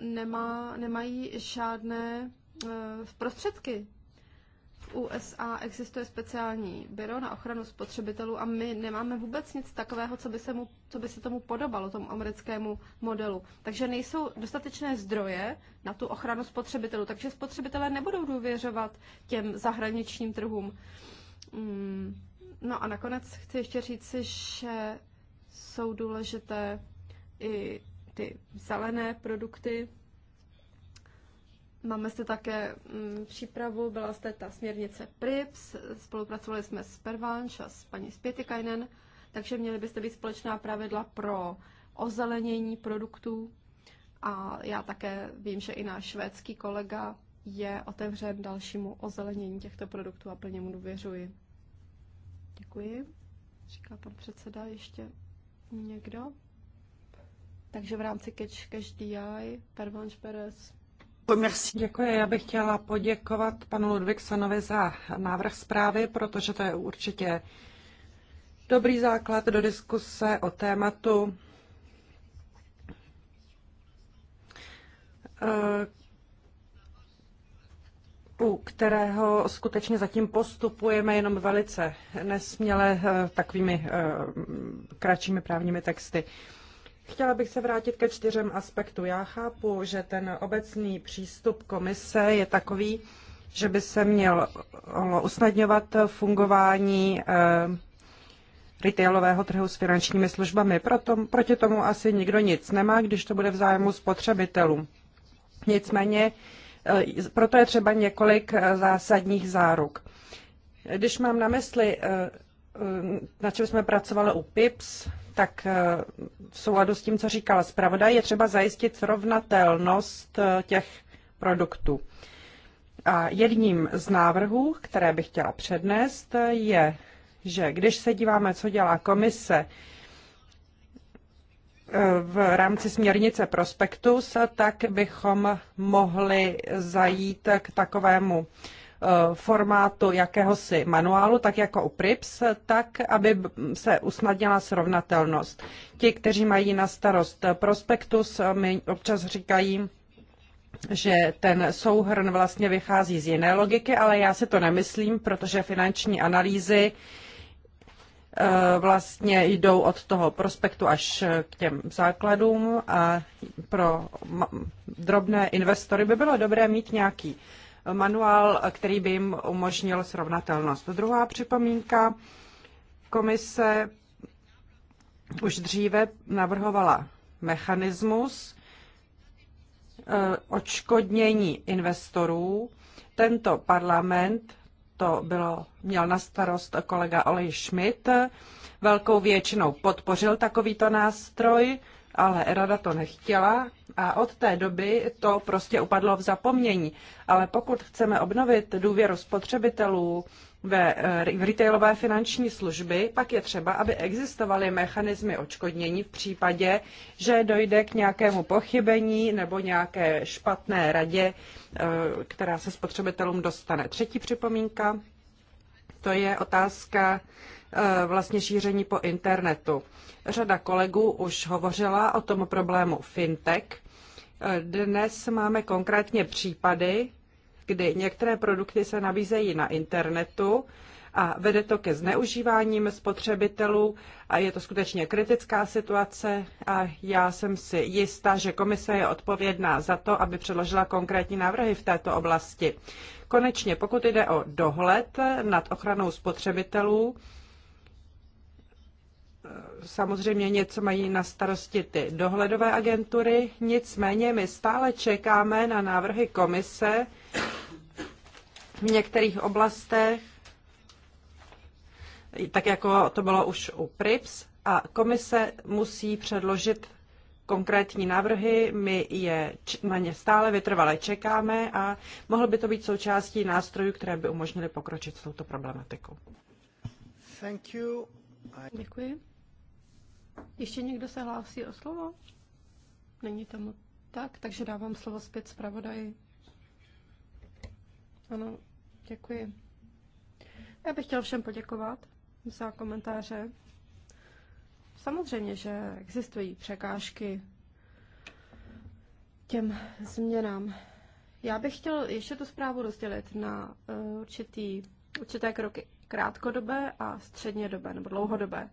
S2: nemá, nemají žádné eh, prostředky USA existuje speciální byro na ochranu spotřebitelů a my nemáme vůbec nic takového, co by se, mu, co by se tomu podobalo, tomu americkému modelu. Takže nejsou dostatečné zdroje na tu ochranu spotřebitelů, takže spotřebitelé nebudou důvěřovat těm zahraničním trhům. Mm, no a nakonec chci ještě říci, že jsou důležité i ty zelené produkty, Máme zde také mm, přípravu, byla zde ta směrnice PRIPS, spolupracovali jsme s Pervanš a s paní Spětikainen, takže měly byste být společná pravidla pro ozelenění produktů. A já také vím, že i náš švédský kolega je otevřen dalšímu ozelenění těchto produktů a plně mu důvěřuji. Děkuji, říká pan předseda. Ještě někdo? Takže v rámci Catch Cash DI, Pervanš Perez,
S1: Děkuji. Já bych chtěla poděkovat panu Ludvíksonovi za návrh zprávy, protože to je určitě dobrý základ do diskuse o tématu, eh, u kterého skutečně zatím postupujeme jenom velice nesměle eh, takovými eh, kratšími právními texty. Chtěla bych se vrátit ke čtyřem aspektu. Já chápu, že ten obecný přístup komise je takový, že by se mělo usnadňovat fungování eh, retailového trhu s finančními službami. Proto, proti tomu asi nikdo nic nemá, když to bude v zájmu spotřebitelů. Nicméně eh, proto je třeba několik eh, zásadních záruk. Když mám na mysli, na čem jsme pracovali u PIPS, tak eh, v souladu s tím, co říkala zpravodaj, je třeba zajistit srovnatelnost eh, těch produktů. A jedním z návrhů, které bych chtěla přednést, je, že když se díváme, co dělá komise eh, v rámci směrnice prospektus, tak bychom mohli zajít k takovému Eh, formátu jakéhosi manuálu, tak jako u PRIPS, tak aby se usnadnila srovnatelnost. Ti, kteří mají na starost prospektus, eh, mi občas říkají, že ten souhrn vlastně vychází z jiné logiky, ale já si to nemyslím, protože finanční analýzy eh, vlastně jdou od toho prospektu až k těm základům a pro drobné investory by bylo dobré mít nějaký manuál, který by jim umožnil srovnatelnost. Druhá připomínka, komise už dříve navrhovala mechanismus eh, očkodnění investorů. Tento parlament, to bylo, měl na starost kolega Olej Schmidt, velkou většinou podpořil takovýto nástroj, ale Rada to nechtěla a od té doby to prostě upadlo v zapomnění. Ale pokud chceme obnovit důvěru spotřebitelů ve eh, v retailové finanční služby, pak je třeba, aby existovaly mechanismy očkodnění v případě, že dojde k nějakému pochybení nebo nějaké špatné radě, eh, která se spotřebitelům dostane. Třetí připomínka, to je otázka eh, vlastně šíření po internetu. Řada kolegů už hovořila o tom problému fintech. Dnes máme konkrétně případy, kdy některé produkty se nabízejí na internetu a vede to ke zneužíváním spotřebitelů a je to skutečně kritická situace a já jsem si jistá, že komise je odpovědná za to, aby předložila konkrétní návrhy v této oblasti. Konečně, pokud jde o dohled nad ochranou spotřebitelů, samozřejmě něco mají na starosti ty dohledové agentury, nicméně my stále čekáme na návrhy komise v některých oblastech, tak jako to bylo už u PRIPS, a komise musí předložit konkrétní návrhy, my je na ně stále vytrvale čekáme a mohl by to být součástí nástrojů, které by umožnily pokročit
S3: s touto problematikou.
S1: Thank you. I... Děkuji.
S2: Ještě někdo se hlásí o slovo? Není tomu tak, takže dávám slovo zpět zpravodaji. Ano, děkuji. Já bych chtěl všem poděkovat za komentáře. Samozřejmě, že existují překážky těm změnám. Já bych chtěl ještě tu zprávu rozdělit na eh, určitý, určité kroky krátkodobé a střednědobé nebo dlouhodobé.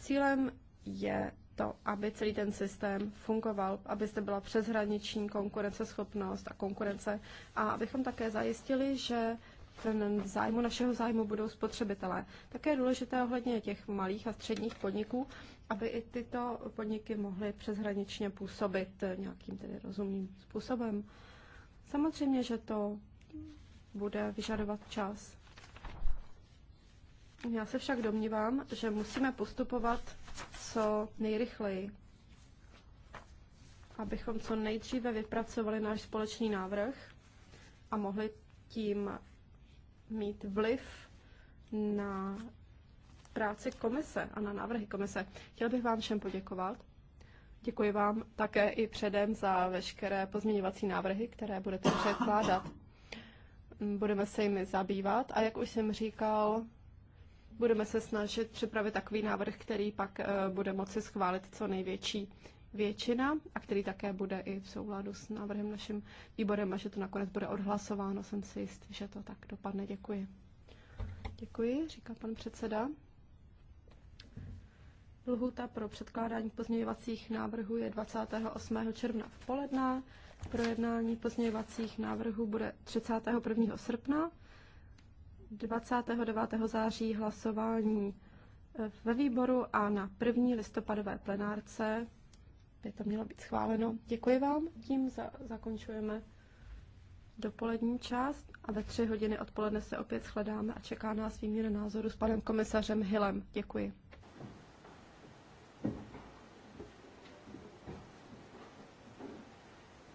S2: Cílem je to, aby celý ten systém fungoval, aby zde byla přeshraniční konkurenceschopnost a konkurence a abychom také zajistili, že ten zájmu našeho zájmu budou spotřebitelé. Také je důležité ohledně těch malých a středních podniků, aby i tyto podniky mohly přeshraničně působit nějakým tedy rozumným způsobem. Samozřejmě, že to bude vyžadovat čas. Já se však domnívám, že musíme postupovat co nejrychleji, abychom co nejdříve vypracovali náš společný návrh a mohli tím mít vliv na práci komise a na návrhy komise. Chtěl bych vám všem poděkovat. Děkuji vám také i předem za veškeré pozměňovací návrhy, které budete předkládat. Budeme se jimi zabývat a jak už jsem říkal, budeme se snažit připravit takový návrh, který pak eh, bude moci schválit co největší většina a který také bude i v souladu s návrhem naším výborem a že to nakonec bude odhlasováno. Jsem si jist, že to tak dopadne. Děkuji. Děkuji, říká pan předseda. Lhuta pro předkládání pozměňovacích návrhů je 28. června v poledne. Projednání pozměňovacích návrhů bude 31. srpna 29. září hlasování eh, ve výboru a na první listopadové plenárce by to mělo být schváleno. Děkuji vám, tím za, zakončujeme dopolední část a ve tři hodiny odpoledne se opět shledáme a čeká nás výměna názoru s panem komisařem Hillem. Děkuji.